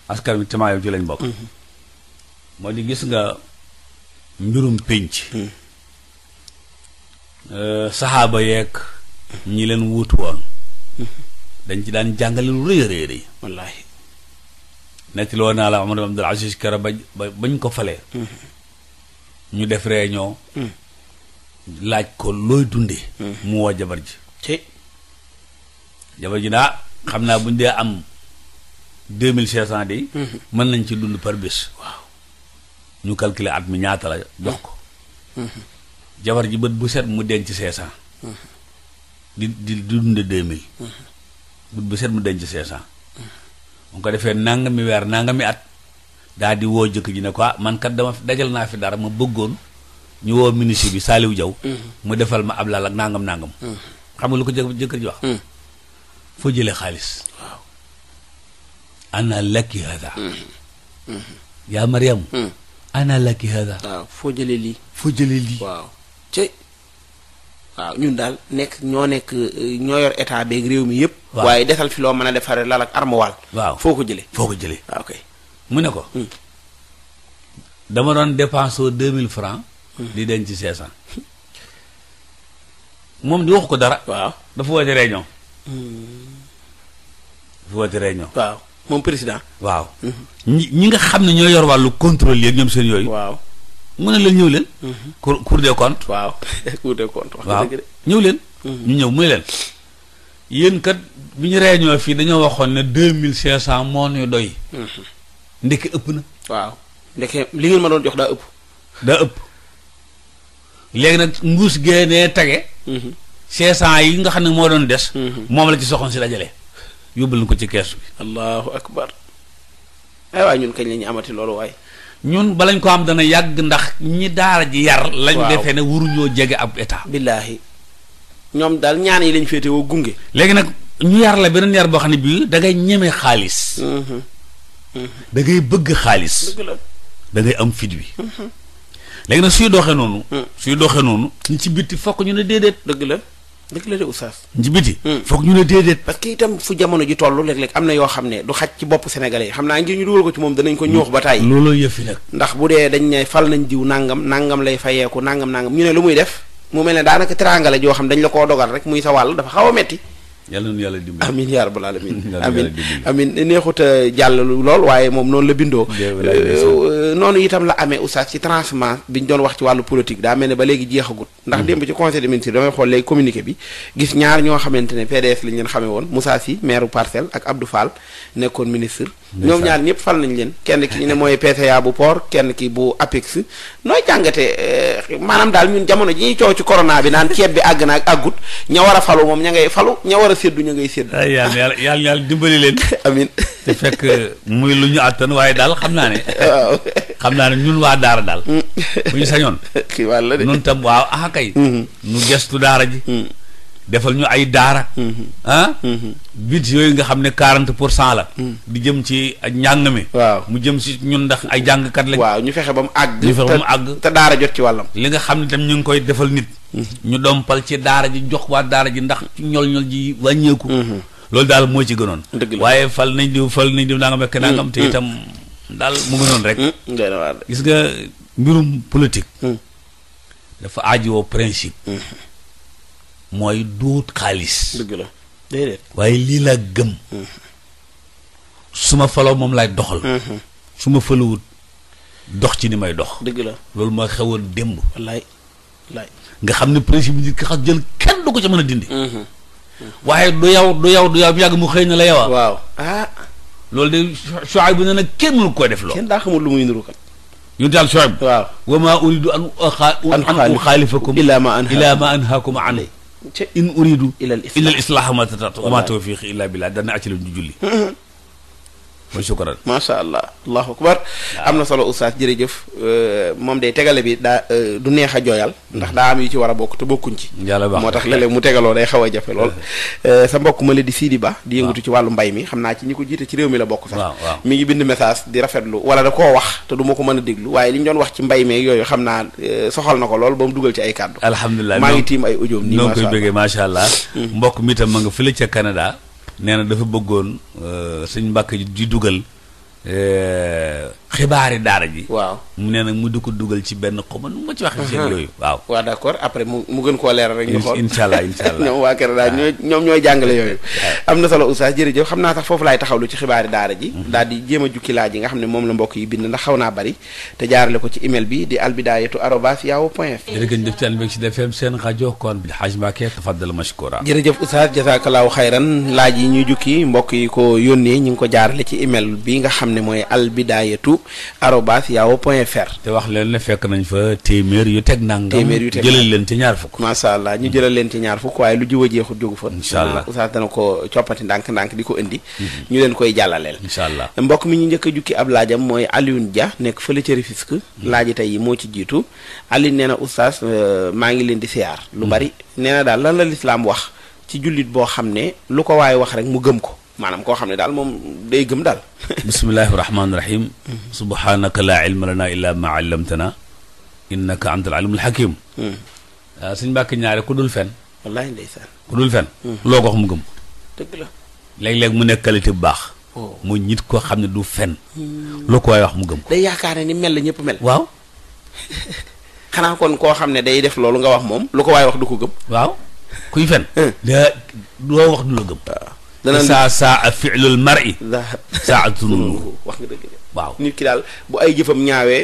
askan wi te maa yow di gis nga mbirum pénc. Euh, saxaaba yeeg ñi leen wuutu woon dañ ci daan jàngale lu rëy rëy rëy wallaahi nettali naa la Omar Abdul Aziz Kara ba bañ ko falee ñu def réunion laaj ko looy dunde mu woo jabar ji ci jabar ji naa ah, xam naa bu ñu dee am deux mille cinq cent de mën nañ ci dund par bés waaw ñu calculer at mi ñaata la jox ko jabar ji bët bu set mu denc cinq uh-huh. cent di di dunde uh-huh. bët bu set mu denc cinq cent mu ko defee mi weer mi at daa di woo jëkk ji ne ko ah, man kat dama dajal naa fi dara ma bëggoon ñu woo ministre bi Saliou Diaw uh-huh. mu defal ma ab lal ak nangam nangam xam nga lu ko jëkkër ji wax foo jëlee xaalis waaw ana lakki hada yaa Mariam ana lakki hada foo jëlee lii foo jëlee lii waaw cëy waaw ñun daal nekk ñoo nekk euh, ñoo yor état beeg réew mi yëpp. waaye desal fi loo mën a defaree lal ak armoire. waaw foo ko jëlee. foo ko jëlee waaw ah, mu ne ko. Hmm. dama doon dépense wu deux mille francs. Hmm. di denc cinq cent. moom di wax ko dara. waaw dafa woote réunion. Hmm. dafa woote réunion. waaw moom président. waaw. ñi ñi nga xam ne ñoo yor wàllu contrôle yeeg ñoom seen yooyu. waaw. mun na leen ñëw leen. Mhm. cour cour des comptes. waaw cour des ñëw leen. Mhm. ñu ñëw mu ne leen. yéen kat bi ñu réunion fii dañoo waxoon ne deux mille cinq cent moo ñu doy. Mhm. ndeke ëpp na. waaw ndeke li ngeen ma doon jox daa ëpp. daa ëpp léegi nag nguus gee nee tege. cent yi nga xam ne moo doon des. moom la ci soxoon si dajale. yóbbal na ko ci kees bi. allahu akbar. ay waay ñun kañ la ñu amati loolu waay. ñun balañ ko am dana yàgg ndax ñi daara ji yar. lañ defee ne waruñoo jege ab état. billaahi ñoom daal ñaan yi lañ féete woo gunge. léegi nag ñu yar la beneen yar boo xam ne bii dangay ñeme xaalis. Mm-hmm. Mm-hmm. dangay bëgg xaalis. dangay am fit wi. Mm-hmm. léegi nag suy doxee noonu. Mm. suy doxee noonu. ñu ci bitti fokk ñu ne déedéet dëgg la. dëgg la de oustaz. ci biti. Hmm. ñu ne déedéet. parce que itam fu jamono ji toll léeg-léeg am na yoo xam ne du xaj ci bopp sénégalais yi xam naa ngir ñu dugal ko ci moom danañ ko ñoox ba tàyyi. looloo yëfi nag. ndax bu dee dañ ne fal nañ jiw nangam nangam lay fayeeku nangam nangam ñu ne lu muy def mu mel ne daanaka teraanga la joo xam dañ la koo dogal rek muy sa wàll dafa xaw a metti yàlla na yàlla dimbali amiin yaa rabbal alamin neexut euh, jàll lool waaye moom noonu la bindoo euh, euh, noonu itam la amee oustaz ci transhumance bi ñu doon wax ci wàllu politique daa mel ne ba léegi jeexagut ndax mm. démb ci conseil des ministres damay xool léegi communiqué bi gis ñaar ñoo xamante ne PDS lañ leen xamee woon Moussa Sy maire Parcelles ak Abdou Fall nekkoon ministre ñoom ñaar ñëpp fal nañ leen kenn ki ñu ne mooy PCA bu port kenn ki bu APEX nooy jàngate maanaam daal ñun jamono ji ñuy coow ci bi naan ceeb bi àgg na ak a séddu ñu ngay séddu yàlla yàlla yàlla dimbali leen amin te fekk muy lu ñu àttan waaye daal xam naa ne xam naa ne ñun waa daara daal mm. bu ñu sañoon xibaar la de tam waaw ah kay ñu mm-hmm. gestu daara ji mm. defal ñu ay daara mm-hmm. ah mm-hmm. bit yooyu nga xam ne quarante pour cent la mm. di jëm ci njàng mi waaw mu jëm si ñun ndax ay jàngkat la waaw ñu fexe ba mu àgg ñu fexe ba mu àgg te daara jot ci wàllam li nga xam ne tam ñu ngi koy defal nit ñu dompal ci daara ji jox waa daara ji ndax ñol ñol ji wàññeeku mhm. loolu daal moo ci gënoon waaye fal nañ diw fal nañ diw nangam rekk am te mhm. itam daal mu gënoon rek mhm. gis nga mbirum politique dafa aajowoo principe mooy duut xaalis dëgg la waaye lii laa gëm su faloo moom laay doxal su ma faluwut dox ci ni may dox dëgg la loolu ma xewoon démb nga xam ne principe bi nit ki xas jël kenn du ko ca mën a dindi. waaye du yow du yow du yow bu yàgg mu xëy na la yow ah. waaw ah. loolu de Shuayb bu ne nag kenn mënu koy def loolu. kenn daa xamul lu muy niru kat. yonent Yàlla Shuayb. waaw wa maa uridu an an uxaalifakum ilaa maa anhaakum ilaa maa anhaakum alayhi in uridu. ila al islaaha ma tataatu wa maa tawfiiqi illaa billaah dana acci la ñu julli. wa shukran macha allah allahu akbar am na solo oustaz jërëjëf euh, moom day tegale bi daa euh, du neex a jooyal ndax daa am yu ci war a bokk te bokkuñ ci moo tax léeg-léeg mu tegaloo day xaw a jafe lool euh, sa mbokk ma la di Sidi Ba di yëngatu ci wàllu mbay mi xam naa ci ñi ko jiite ci réew mi la bokk sax mi ngi bind message di rafetlu wala da koo wax te du ma ko mën a déglu waaye li ñu doon wax ci mbay meeg yooyu xam naa soxal na ko lool ba mu dugal ci ay kàddu alhamdulilah maa ngi tiim ay audio nii noo koy bëggee hmm. mbokk mi tam ma nga fële ca nee na dafa bëggoon euh, sëñ Mbàkke ji dugal euh, xibaari daara ji. waaw mu ne nag mu di ko dugal ci benn xaw nu ma ci waxee. seen uh-huh. yooyu waaw. waaw d' après mu gën koo leeral rek. ñu xool incha allah incha na solo oustaz xam naa sax foofu laay taxawlu ci xibaari daara ji. Mm-hmm. daal di jéem a jukki laaj yi nga xam ne moom la mbokk yi bind ndax xaw naa bari te bi di albidaayatu arobas yahoo point f. jërëjëf def ci Almadies FM seen rajo kon bi xayran laaj yi ñuy jukki mbokk yi ko yónnee ñu ngi ko jaarale ci email bi nga xam ne mooy albidaayatu Seydou arobas yahoo point fr. te wax leen ne fekk nañ fa téeméer yu teg nangam. téeméer yu teg jëlal leen ci ñaar fukk. macha allah ñu jëlal leen ci ñaar fukk waaye lu jiw a jeexut jógu fa. incha allah oustaz dana ko coppati ndànk-ndànk di ko indi. Mhm. ñu leen koy jàllaleel. incha allah mbokk mi ñu njëkk a jukki ab laajam mooy Alioune Dia nekk fële ca Rufisque. Mhm. laaji tey yi moo ci jiitu Alioune nee na oustaz euh, maa ngi leen di siyaar. lu mhm. bari nee daal lan la lislaam wax ci jullit boo xam ne lu ko waaye wax rek mu gëm ko maanaam koo xam ne daal moom day gëm daal bismillahi rahmaani rahim subhanaka laa ilma lana illa hmm. ah, ñaare ku dul fen wallahi ndeysaan ku hmm. loo ko wax mu gëm dëgg la mu nekk qualité bu baax oh. mu nit koo xam ne du fen hmm. loo ko waay wax mu gëm ko day yaakaar ni mel la ñëpp mel waaw xanaa kon koo xam ne day def loolu nga wax moom lu ko waay wax du ko gëm waaw kuy fen da doo wax du la gëm ah. dana saa saa a fi'lul mar'i saa zunuunuhu wax nga waaw nit ki daal bu ay jëfam ñaawee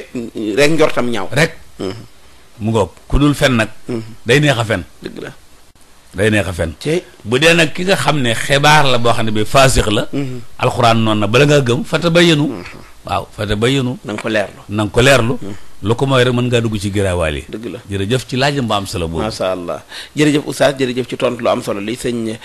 rek njortam ñaaw rek mhm. mu ngoog ku dul fen nag mhm. day neex a fen day neex a fen bu dee nag ki nga xam ne xibaar la boo xam ne bi faasix la mhm. alxuraan noonu na bala ngaa gëm fata ba yenu waaw fata ba yënu na ko leerlu na ko leerlu lu mooy rek mën ngaa dugg ci giraawaal yi dëgg la jërëjëf ci laaj mba am solo boobu macha allah jërëjëf oustaz jërëjëf ci tontu lu am solo li sëñ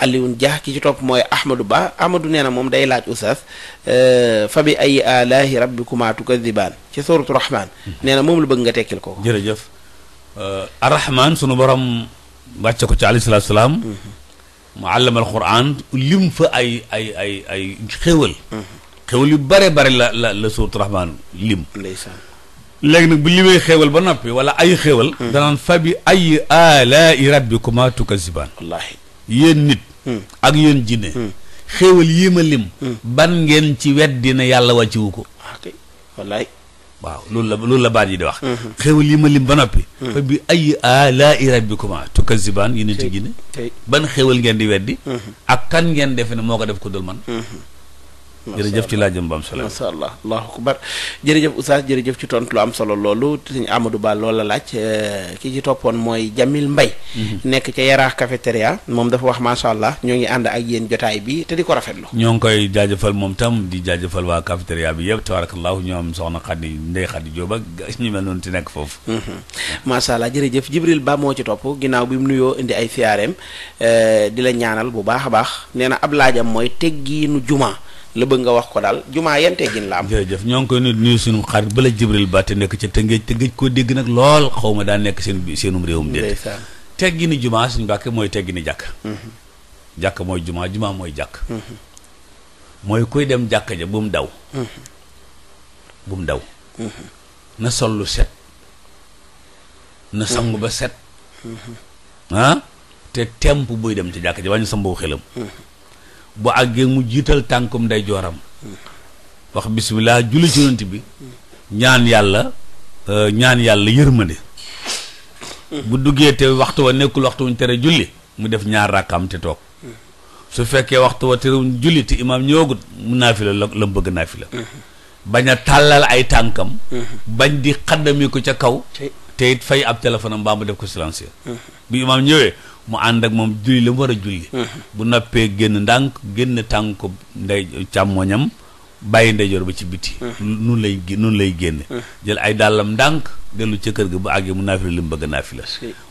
Alioune Dia ki ci topp mooy Ahmadou Ba Ahmadou nee na moom day laaj oustaz euh, fa bi ay alaahi rabbikuma tukadibaan ci suratu rahman mhm. nee na moom lu bëgg nga tekkil ko jërëjëf euh, arrahman sunu borom wàcce ko ci alayhi salaatu salaam mhm. mu àllamal lim ay ay ay ay mhm. xéwal yu bare bare la la la léegi nag bu limee xéewal ba noppi wala ay xéewal hmm. danaan fabi ay alaa'i rabbikuma tukazibaan wallaahi yéen nit hmm. ak yéen jinne hmm. xéewal yi ma lim ban ngeen ci weddi na yàlla wàcciwu ko ah, wallaahi waaw loolu la loolu la baat yi di wax xéewal yi ma lim ba noppi fa bi ay alaa'i rabbikuma tukazibaan yéen nit ak jinne ban xéewal ngeen di weddi ak kan ngeen defe ne moo ko def ko dul man jërëjëf ci laajam bu am solo macha allah allahu akbar jërëjëf oustaz jërëjëf ci tontu lu am solo loolu sëñ Amadou Ba loola laaj eh, ki ci toppoon mooy Jamil Mbay mhm. nekk ca Yaraax cafétéria moom dafa wax macha allah ñoo ngi ànd ak yéen jotaay bi te di ko rafet rafetlu ñoo ngi koy jaajëfal moom tam di jaajëfal waa cafétéria bi yëpp tabarakallahu ñoom soxna Xadi Ndey Xadi Jóob ak ñu mel noonu ti nekk foofu mhm. macha allah jërëjëf Jibril Ba moo ci topp ginnaaw bi mu nuyoo indi ay CRM eh, di la ñaanal bu baax a baax nee na ab laajam mooy teggiinu juma la bëgg nga wax ko daal jumaa yentee gin la am jërëjëf ñoo ngi koy nuyu suñu xarit bala jibril ba te nekk ca tëngéej te géej ko dégg nag lool xaw ma daa nekk seen bi seenum réewum déet teggi ni jumaa suñu mbàkke mooy teggi ni mhm. jàkk mooy jumaa jumaa mooy jàkk mhm. kuy dem jàkk ja bu mu daw mhm. bu daw na sol lu set na sangu ba set ah te temp buy dem ci jàkk ja waa ñu samboo xelam bu àggee mu jiital tànkum ndeyjooram wax bisimilah julli ci bi ñaan yàlla euh, ñaan yàlla yërmande bu duggee te waxtu wa nekkul waxtu wuñ tere julli mu def ñaar ràkkam te toog su fekkee waxtu wa terewuñ julli te imaam ñëwagut mu naafila la la mu bëgg naafila bañ a tàllal ay tànkam bañ di xaddami ko ca kaw te it fay ab téléphone am mu def ko silencieux bi imaam ñëwee mu ànd ak moom julli la mu war a julli bu noppee génn ndànk génn tànk ko ndey càmmoñam bàyyi ndeyjoor ba ci biti nu lay nun lay génne jël ay dàllam ndànk dellu ca kër ga bu àggee mu naafila li mu bëgg naafila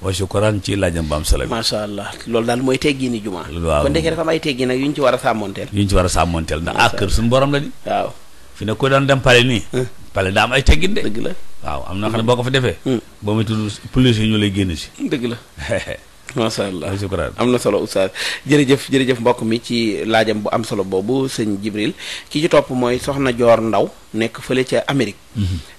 wa shukran ci laajam baam sala macha allah loolu daal mooy teggiini jumaa waaw kon ndekee dafa am ay teggi yu ñu ci war a sàmmonteel yu ñu ci ak kër suñu borom la di fi ne ko daan dem pale nii pale daa am ay teggin de la waaw am na xam ne boo ko fa defee boo muy tudd police yi ñu lay génn si dëgg la macha allah shukran am na solo oustaz jërëjëf jërëjëf mbokk mi ci laajam bu am solo boobu sëñ Jibril ki ci topp mooy soxna Joor Ndaw nekk fële ca Amérique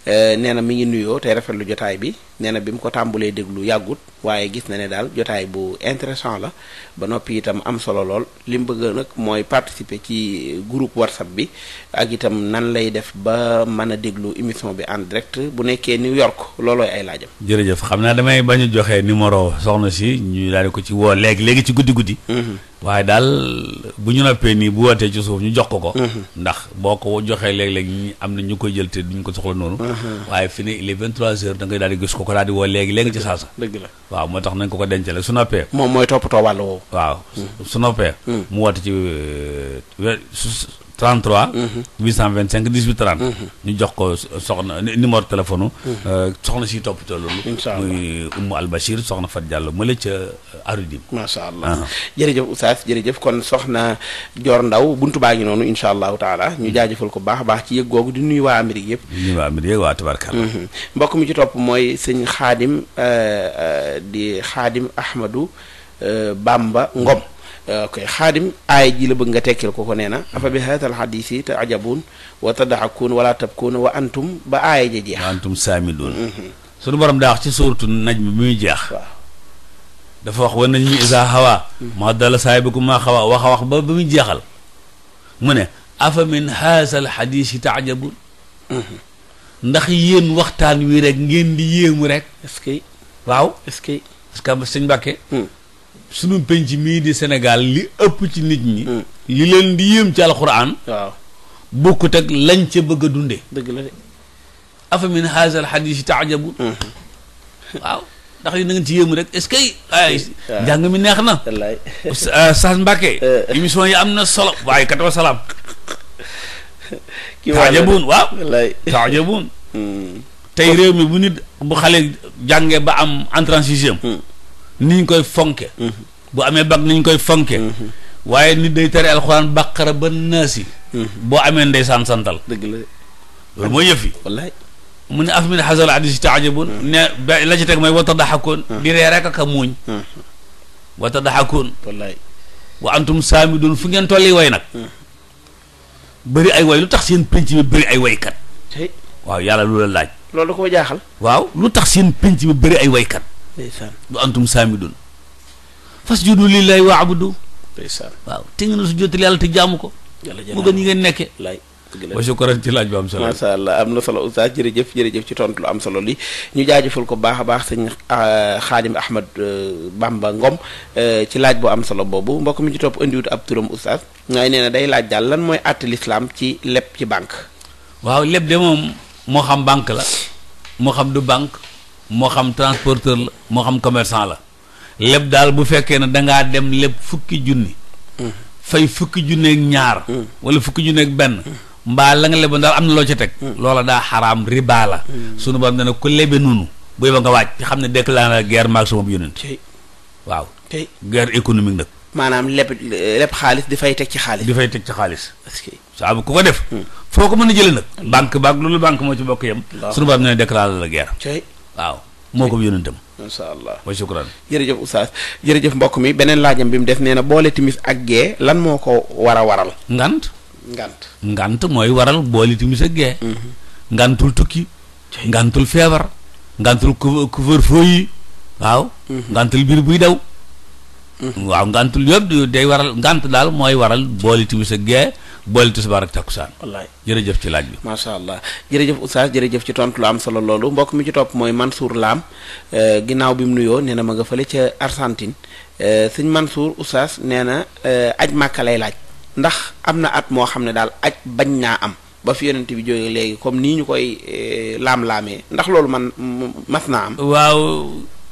Euh, nee na mi ngi nuyoo tey rafetlu jotaay bi nee na bi mu ko tàmbulee déglu yàggut waaye gis na ne daal jotaay bu intéressant la ba noppi itam am solo lool li mu bëgg nag mooy participer ci groupe whatsapp bi ak itam nan lay def ba mën a déglu émission bi en direct bu nekkee New York loolooy ay laajam. jërëjëf xam naa damay bañ a joxe numéro soxna si ñu daal ko ci woo léegi léegi ci guddi guddi. Mm-hmm. waaye daal bu ñu noppee nii bu wootee ci suuf ñu jox ko ko. Mhm. ndax boo ko joxee léeg-léeg ñi am na ñu koy jël te duñ ko soxla noonu. Mhm. waaye fi ne il est 23h da ngay daal di gis ko ko daal di woo léegi léegi ci saasa. la waaw moo tax nañ ko ko dencale su noppee. moom mooy toppatoo wàll woowu. waaw su mhm. noppee. mu woote ci euh, 33. 825 18 30. ñu jox ko soxna numéro téléphone. Mhm. Euh, soxna si topp loolu. incha allah muy Umu Albachir soxna Fat Diallo mële ca euh, Arudim. macha allah jërëjëf Oustaz jërëjëf kon soxna joor Ndaw buntu baa ngi noonu incha allahu taala ñu mhm. jaajëfal ko baax baax ci yëg googu di nuyu waa Amérique yëpp. di nuyu waa Amérique yëpp waa tabarkalla. Mhm. mbokk mu ci topp mooy sëñ xaadim euh, di xaadim Ahmadou Bamba Ngom. Euh, ok xaadim aaya ji la bëgg nga tekkil ko ko nee na afa bi haatal xadiisi tajabuun wa tadaxakuun wala tabkuun wa antum ba aaya ja jeex wa antum saamiluun mhm. suñu borom daa dafa wax wa najmi izaa hawaa mhm. maa dalla saahibukum maa xawaa wax a wax ba ba muy jeexal mu ne afa min haasal xadiisi tajabuun mhm. ndax yéen waxtaan wi rek ngeen di yéemu rek waaw est-ce sunu penc mii di Sénégal li ëpp ci nit ñi. Hmm. li leen di yéem ci alxuraan. bokkut ak lañ ca bëgg a dundee. dëgg la de. afa min haazal xadiis taajabun hmm. waaw ndax yi ci yéemu rek est-ce que. ay njàng hmm. neex na. wallaay Sass euh, yi am na solo. waaye kat wa taajabun waaw. taajabun. tey réew mi bu nit bu xale jàngee ba am entrant sixième. ni ñu koy fonke boo amee bac niñ koy fonke mm-hmm. mm-hmm. waaye nit day tere alxuraan bàqara ba naas mm-hmm. boo amee ndeysaan santal dëgg la loolu mooy yëf yi wallaay mu ne af min xasal hadis taajabun ne la teg mooy wata daxakoon di ree rek ak a muuñ wata daxakoon wallaay wa antum saamidun fu ngeen tolli way nag bari ay way lu tax seen penc bi bëri ay waykat waaw yàlla lu la laaj loolu da ko jaaxal waaw lu tax seen penc bi bari ay waykat ndeysaan bu antum saamidun fasjudu lillahi wa abudu ndeysaan waaw te ngeen su jot yàlla te jaamu ko mu gën ñi ngeen nekke lay wasukran ci laaj bu am solo macha allah am na solo oustaz jërëjëf jërëjëf ci tont lu am solo li ñu jaajëfal ko baax a baax sëñ ah, xaadim ahmad euh, bamba ngom euh, ci laaj bu am solo boobu mbokk mi ci topp indiwut ab turam oustaz ngay nee na day laaj daal lan mooy àtte lislaam ci leb ci banque waaw leb de moom moo xam banque la moo xam du bank moo xam transporteur la moo xam commerçant la lépp daal bu fekkee ne dangaa dem lépp fukki junni mm-hmm. fay fukki junneeg ñaar mm-hmm. wala fukki junneeg benn mm-hmm. mbaa la nga leboon daal am na loo ca teg loola daa xaraam riba la sunu borom dana ko lebe noonu buy ba nga xam ne déclaré la guerre maag waaw tey guerre économique nag maanaam lépp lépp xaalis di fay teg ci xaalis di fay teg ci xaalis saabu ku ko def mm. foo ko mën a jële nag banque baag loolu banque moo ci bokk yem la guerre waaw moo ko yónentam incha allah wa shukran jërëjëf oustaz jërëjëf mbokk mi beneen laajam bi mu def nee na boole timis ak gee lan moo ko war a waral ngant ngant ngant mooy waral boole timis ak gee mhm. ngantul tukki ngantul feebar ngantul couvre-feu yi waaw mhm. ngantul biir buy daw waaw ngàntul yëpp day waral ngànt daal mooy waral booli timis ak gee booli tisbaar ak takkusaan wallaay jërëjëf ci laaj bi macha allah jërëjëf oustaz jërëjëf ci tontu lu am solo loolu mbokk mi ci topp mooy Mansour laam eh, ginnaaw bi mu nuyoo nee na ma nga fële ca Argentine eh, sëñ Mansour oustaz nee na eh, aj màkka lay laaj ndax am na at moo xam ne daal aj bañ naa am ba fi yonent bi jógee léegi comme nii ñu koy laam-laamee ndax loolu man mas naa am waaw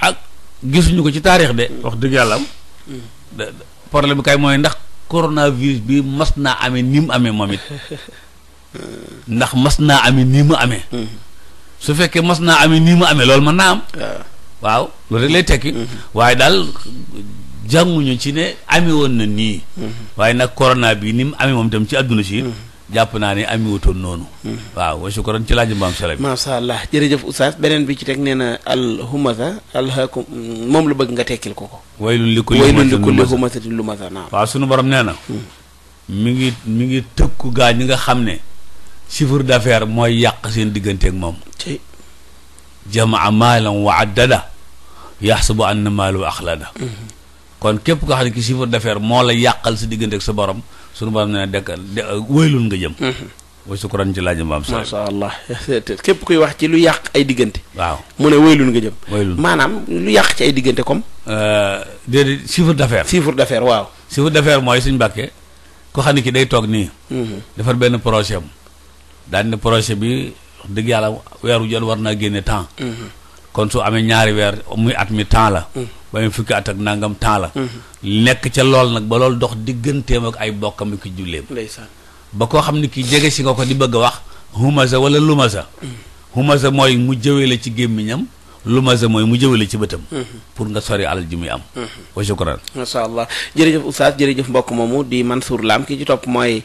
ak gisuñu ko ci taarix wax dëgg yàlla problème bi kay mooy ndax coronavirus bi mas naa amee nii mu amee moom it ndax mas naa amee nii mu amee mm-hmm. su fekkee mas naa amee nii mu amee loolu man naa am waaw loolu rek lay tekki mm-hmm. waaye daal jànguñu ci ne amee woon na nii mm-hmm. waaye nag corona bii ni mu amee moom itam ci àdduna si jàpp naa ne ami wutoon noonu. Hmm. waaw wa shukran ci laaj maam Sala bi. macha allah jërëjëf oustaz beneen bi ci teg nee na al humasa moom lu bëgg nga tekkil ko ko. waylun li kulli humasatin lumasa naam waaw sunu borom nee na. Hmm. mi ngi mi ngi tëkku gaa ñi nga xam ne. chiffre d'affaires mooy yàq seen digganteeg moom. ci jamaa maalan wa bu yaxsabu anna maalahu axlada hmm. kon képp koo xam ne ki chiffre d'affaires moo la yàqal sa digganteeg sa borom. sunu baam ne dëkkal wóylul nga jëm su mhm. wa sukran ci laaj mbaam sa masha allah képp kuy wax ci lu yàq ay diggante waaw mu ne wóylul nga jëm wóylul maanaam lu yàq ci ay diggante comme euh, déedéet chiffre d'affaires chiffre d'affaires waaw chiffre d'affaires mooy suñ mbàkkee ko xam ne ki day toog nii mhm. defar benn projet am daan projet bi dëgg yàlla weeru jot war naa génne temps mhm. kon su amee ñaari weer muy at mi temps la waaye fukki at ak nangam temps la. Mhm. nekk ca lool nag ba loolu dox digganteem ak ay bokkam ki julleem. ndeysaan ba koo xam ne kii jege si nga ko di bëgg a wax. humasa wala lumasa. Mhm. humasa mooy mu jëwee la ci gémmiñam lu masa mooy mu jëwale ci bëtam mhm. pour nga sori alal ji muy am wa shukran masha allah jërëjëf oustaz jërëjëf mbokk moomu di Mansour laam ki ci topp mooy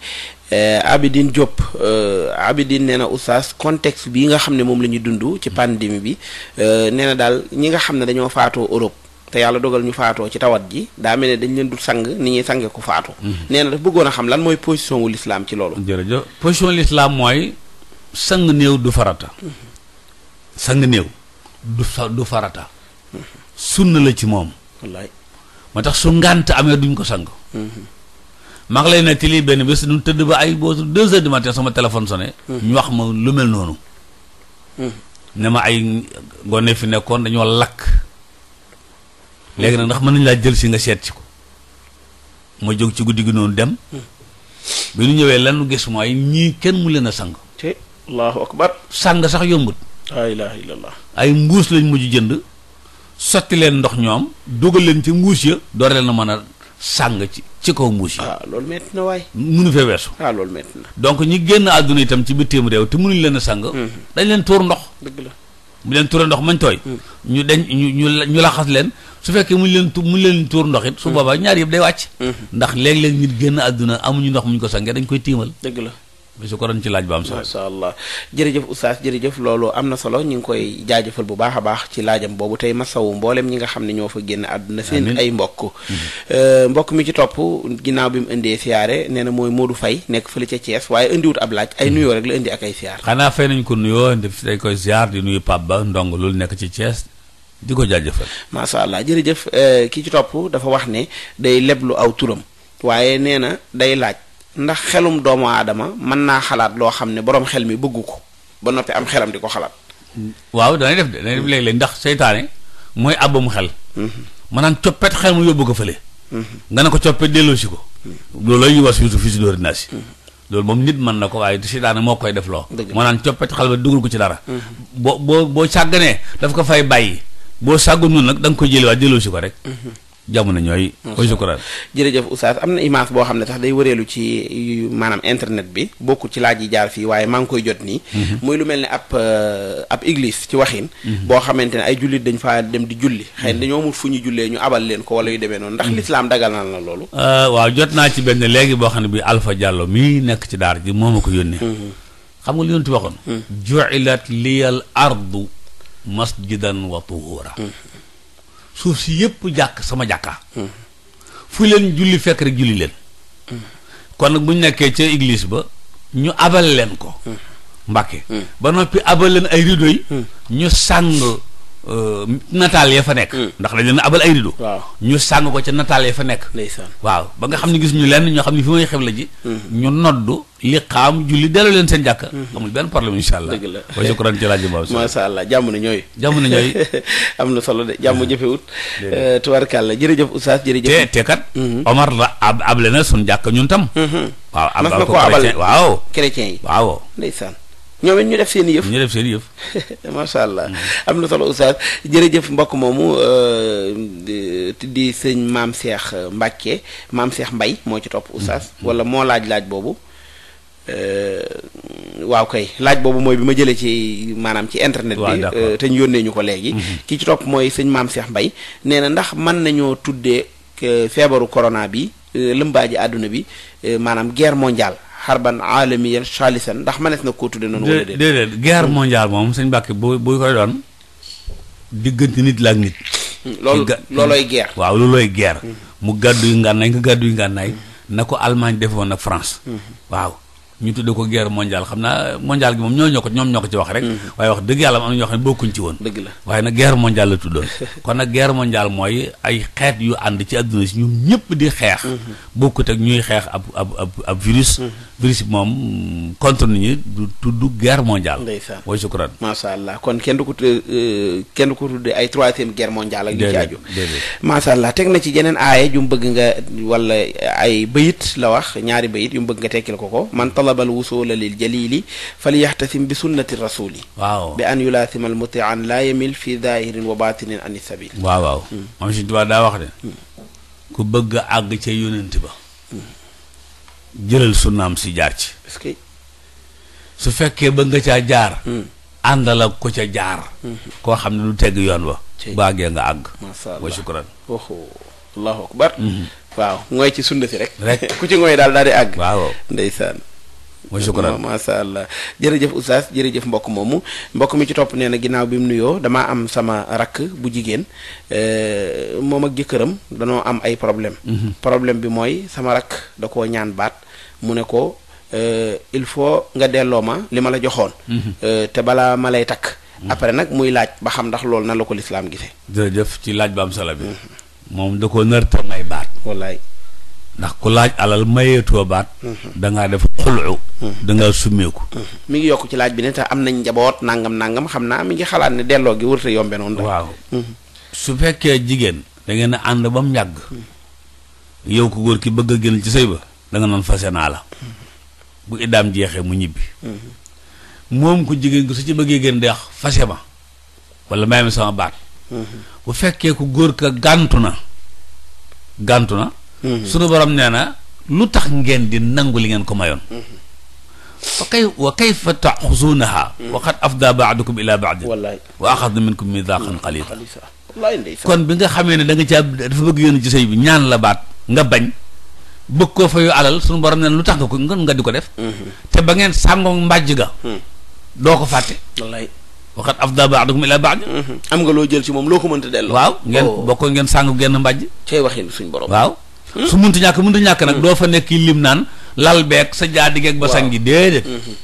eh, Abidine Diop eh, Abidine nee na oustaz bi bii nga xam ne moom la ñuy dund ci pandémie bi eh, nee na daal ñi nga xam ne dañoo faatoo Europe te yàlla dogal ñu faatoo ci tawat ji daa mel ne dañ leen du sang ni ñuy sange ko faatoo mhm. nee na daf bëggoon a xam lan mooy position wu lislaam ci loolu jërëjëf position lislaam mooy sang néew du farata mhm. sang néew du du farata sunna la ci moom wallaay tax su ngànt amee duñ ko sang mhm. maa ngi lay ne tili benn bés tëdd ba ay boosu deux heures du sama téléphone sonné ñu wax ma lu mel noonu ne ma ay gone fi nekkoon dañoo lakk léegi nag ndax mën nañ laa jël si nga seet si ko ma jóg ci guddi gi noonu dem hmm. bi ñu ñëwee lan nu gis mooy ñii kenn mu leen a sang te allahu akbar sang sax yombut laa ilaha ay mbuus lañ mujj jënd sotti leen ndox ñoom dugal leen ci mbuus ya door leen a mën a sàng ci ci kaw mbuus yi. Ah, loolu métti waay. munu fee weesu. ah loolu métti na. ñi génn àdduna itam ci bitim réew te munuñ leen a sàng. Hmm. dañ leen tuur ndox. dëgg la leen tuuree ndox mañ tooy. Hmm. ñu dañ ñu ñu leen su fekkee mu leen tu mu leen tuur ndox it su mm. boobaa ñaari yëpp day wàcc mm. ndax léeg-léeg nit génn àdduna amuñu ndox muñ ko sax sangee dañ koy tiimal dëgg la bi su ko doon ci laaj ba am solo masha allah jërëjëf oustaz jërëjëf loolu am na solo ñu ngi koy jaajëfal bu baax a baax ci laajam boobu tey masawu mboolem ñi nga xam ne ñoo fa génn àdduna seen ay mbokk mm-hmm. euh, mbokk mi ci topp ginnaaw bi mu indee siyaare nee na mooy Modou Faye nekk fële ca Thiès waaye indiwut ab laaj ay mm-hmm. nuyoo rek la indi ak ay siyaar xanaa fay nañ ko nuyoo dañ koy siyaar di nuyu paab Ba ndong loolu nekk ci Thiès di ko jaajëfal. macha allah jërëjëf eh, ki ci topp dafa wax ne day leblu aw turam waaye nee na day laaj ndax xelum doomu aadama mën naa xalaat loo xam ne boroom xel mi bëggu ko ba noppi am xelam di ko xalaat. waaw danay def de danay def léeg-léeg ndax seytaane mooy àbbamu xel. maanaam mhm. coppet xel mu yóbbu ko fële. Mhm. nga ne ko coppet delloosi ko. Mhm. loolu la ñuy wax surtout fii loolu moom nit mën na ko waaye seytaane moo koy def loo. dëgg la maanaam coppet xel ba ko ci dara. boo boo boo sàgganee daf ko fay bàyyi. boo sàggul noonu nag da nga koy jëliwaat delloo si ko rek. Mhm. jamono ñooy. koy sukuraat jërëjëf oustaz am na image boo xam ne tax day wëreelu ci maanaam internet bi bokkul ci laaj yi jaar fii waaye maa ngi koy jot nii. Mhm. muy lu mel ne ab euh, ab église ci waxin. Mhm. boo xamante ne ay jullit dañ faa dem di julli. xëy na dañoo amul fu ñu jullee ñu abal leen ko wala yu demee ndax lislaam dagal na la loolu. Euh, jot naa ci benn léegi boo xam ne bi alfa Diallo mii nekk ci daar ji moom ma ko yónnee. xam nga li ñu waxoon. ju'ilat liyal ardu masjidan wa tuhura mm-hmm. suuf si yépp jàkk sama jàkka mm-hmm. fu leen julli fekk rek julli leen mm-hmm. kon nag bu nekkee ca église ba ñu abal leen ko mbàkke ba noppi abal leen ay rido yi ñu sàng Euh, nataal ya fa nekk hmm. ndax dañ leen abal ay rido ñu sàng ko ca nataal ya fa nekk waaw ba nga xam ne gis ñu lenn ñoo xam ne fi may xew la ji hmm. ñu noddu li xaam julli delloo leen seen jàkka hmm. amul benn problème insha allah dëgg la wa shukran jàmm na ñooy jàmm na ñooy am na solo de jàmm jëfewut euh, tubaarkàlla jërëjëf oustaz jërëjëf te te kat Omar la ab able na suñ jàkka ñun tam waaw abal ko chrétien waaw chrétien yi waaw ñoom ñu def seen i yëf ñu def seen i macha allah mm. am na solo oustaz jërëjëf mbokk moomu euh, di sëñ maam Cheikh Mbacke maam Cheikh Mbay moo ci topp mm. oustaz mm. wala moo laaj laaj boobu. Euh, waaw kay laaj boobu mooy bi ma jëlee ci maanaam ci internet bi euh, te ñu yónnee ñu ko léegi mm-hmm. ki ci topp mooy sëñ maam seex Mbay nee na ndax man nañoo tuddee feebaru corona bi lëmbaaji àdduna bi maanaam guerre mondiale xarban aalamiyan xaalisan ndax manees na koo tudde noonu. wala déedéet déedéet guerre mondiale moom sëñ Mbàkke bu buy koy doon diggante nit la ak nit. Hmm, loolu loolooy guerre. waaw loolooy guerre. Hmm. mu gàddu yu ngànnaay nga gàddu yu ngànnaay na ko Allemagne defoon ak France. Hmm. waaw. ñu tudd ko guerre mondiale xam naa mondiale gi moom ñoo ñoo ko ñoom ñoo ko ci wax rek mm-hmm. waaye wax dëgg yàlla am na ñoo xam ne bokkuñ ci woon waaye nag guerre mondiale la tuddoon kon nag guerre mondiale mooy ay xeet yu ànd ci àdduna si ñëpp di xeex mm-hmm. bokkut ak ñuy xeex ab ab ab virus mm-hmm. virus bi moom contre nit ñi du tudd guerre mondiale ndeysaan mooy sukkuraan macha allah kon kenn du ko tuddee euh, kenn du ko tuddee ay troisième guerre mondiale ak ñu ci aju macha allah teg na ci jeneen aaya jum bëgg nga walla ay bayit la wax ñaari bayit yu mu bëgg nga tekkil ko ko talaba al wusula lil waaw waaw waaw moom si daa wax ku bëgg a àgg ca yónent ba jëlal sunnaam si jaar ci su fekkee ba nga caa jaar hmm. àndal ak ko ca jaar hmm. koo xam ne du tegg yoon wa bu àggee nga àgg masha Allah wa shukran allahu akbar hmm. waaw mooy ci sunna si rek ku ci mooy daal daal di wa shukran macha allah jërëjëf oustaz jërëjëf mbokk moomu mbokk mi ci topp nee na ginnaaw bi mu nuyoo damaa am sama rakk bu jigéen euh, moom ak jëkkëram danoo am ay problème mhm. problème bi mooy sama rakk da koo ñaan baat mu ne ko euh, il faut nga delloo ma li ma la joxoon mhm. euh, te balaa ma lay takk mhm. après nag muy laaj ba xam ndax loolu na la ko lislaam gisee jërëjëf ci laaj ba am solo moom da ko nërta ay baat wallaay ndax ku laaj alal mayeetoo baat. Mhm. da ngaa def xulu. Mhm. da summeeku. Mhm. mi ngi yokk ci laaj bi ne te am nañ njaboot nangam nangam xam naa mi ngi xalaat ne delloo gi wërta yombe noonu. waaw su fekkee jigéen. da ngeen a ànd ba mu yàgg. yow ku góor ki bëgg a ci sëy ba da nga naan fase naa la. bu iddaam jeexee mu ñibbi. moom ku jigéen ki su ci bëggee génn deex fase ma wala may ma sama baat. bu fekkee ku góor ka gàntu na gàntu na. sunu borom nee na lu tax ngeen di nangu li ngeen ko mayoon wa kay wa kayfa taxusuunaha wa qad afda baadukum ila baadin wa axadna minkum midaaqan xalita kon bi nga xamee ne da nga caa dafa bëgg yoon ci sëy bi ñaan la baat nga bañ bëgg koo fayu alal sunu borom nee na lu tax nga ko nga di ko def mm-hmm. te ba ngeen sàngoo mbàjj ga mm. doo ko fàtte wallaay waxat afda baadukum ila baad mm-hmm. am nga loo jël ci moom loo ko mënta delloo waaw ngeen oh. bokk ngeen sàngu genn mbàjj cay waxin suñ borom su muntu ñàkk muntu ñàkk nag hmm. doo fa nekk lim naan lal beeg sa jaadigeeg basan gi déedéet hmm.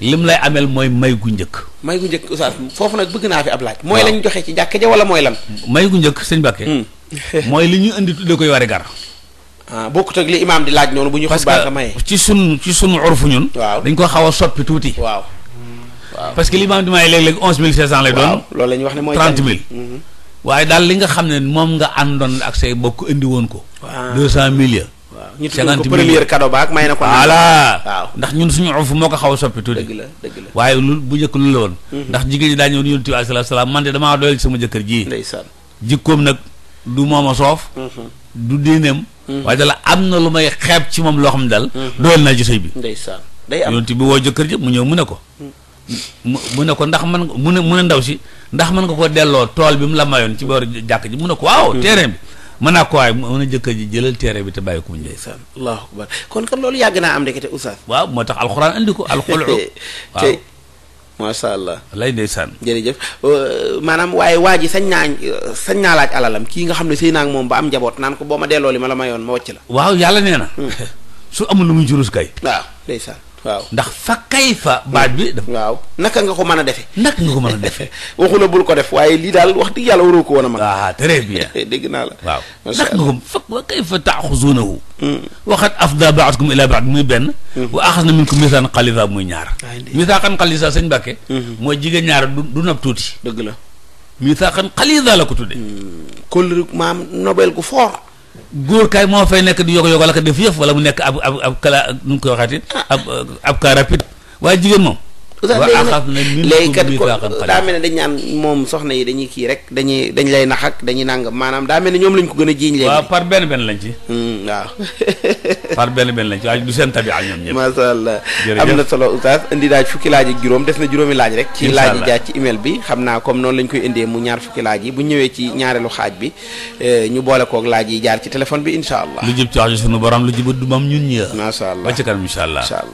lim lay ameel mooy may gu njëkk may gu njëkk oustaz foofu nag bëgg naa fi ab laaj mooy lañ joxe ci jàkk ja wala mooy lan may gu njëkk sëñ Bakke hmm. mooy li ñu indi tudde koy wari gar ah bokkut ak li imaam di laaj noonu bu ñu xutbaa maye parce que ci sun ci sun urfu ñun waaw dañ ko xaw a soppi tuuti waaw li imaam di maye léeg-léeg onze mille cinq cent lay doon loolu la ñuy wax ne mooy trente mille waaye daal li nga xam ne moom nga àndoon ak say bokk indi woon ko. waaw deux cent mille. waaw ñu tuddee ko ko. voilà ndax ñun suñu uf moo ko xaw a soppi tuuti. dëgg la waaye lu bu njëkk lu la woon. Mhm. ndax jigéen ñi daañu woon yonent bi alayhi salaam man de damaa doyal sama jëkkër ji. ndeysaan jikkoom nag du moom a soof. Mhm. du diineem. Mhm. waaye dala am na lu may xeeb ci moom loo xam ne daal. doyal naa ci sëy bi. ndeysaan day am yonent bi woo jëkkër ji mu ñëw mu ne ko mu ne ko ndax man mu ne mu ndaw si ndax mën nga ko delloo tool bi mu la mayoon ci boor jàkk ji mu ne ko waaw mm-hmm. terrain bi mën naa ko waaye mën a jëkkër ji jëlal terrain bi te bàyyi ko mu ñëw ndeysaan kon kan loolu yàgg naa am ndekete oustaz waaw moo tax alxuraan andi ko alxolu waaw macha allah lay ndeysaan jërëjëf maanaam waaye waa ji sañ naa sañ naa laaj alalam kii nga xam ne sëy naa ak moom ba am njaboot naan ko boo ma delloo li ma la mayoon ma wàcc la waaw yàlla nee na hmm. su amul lu muy jurus kay waaw ndeysaan waaw ndax fa kay fa baat bi. waaw naka nga ko mën a defee. naka nga ko mën a defee. waxu bul ko def waaye lii daal wax dëgg yàlla waroo ko woon a mën. ah très bien dégg la. waaw naka nga ko fa wa kay fa taaxuzuunahu. Hmm. waxat afda baadukum ila baad muy benn. Hmm. wa axas na minkum misaan xalisa muy ñaar. misaaxan xalisa sëñ Bakke. Hmm. mooy jigéen ñaar du du nab tuuti. dëgg la. misaaxan xalisa la ko tuddee. kóllëre maam nobel gu fort. góor kaay moo fay nekk di yogo yogo la ko def yëf wala mu nekk ab ab ab kala nu mu koy waxaati ah. ab ab car rapide waaye jigéen moom. waaw léegi kat ko daa mel ne dañ naan moom soxna yi dañuy kii rek dañuy dañ lay nax ak dañuy nangam maanaam daa mel ne ñoom lañ ko gën a jiiñ léegi waaw par benn benn lañ ci hmm, waaw par benn benn lañ ci waaye du seen tabia ñoom ñëpp masha Allah am na solo oustaz indi daaj fukki laaj ak juróom des na juróomi laaj rek ci laaj yi jaar ci email bi xam naa comme noonu lañ koy indee mu ñaar fukki laaj yi bu ñëwee ci ñaareelu xaaj bi eh, ñu boole koog laaj yi jaar ci téléphone bi insha Allah lu jub ci borom lu jub du mam ñun ñi masha Allah ba ci kanam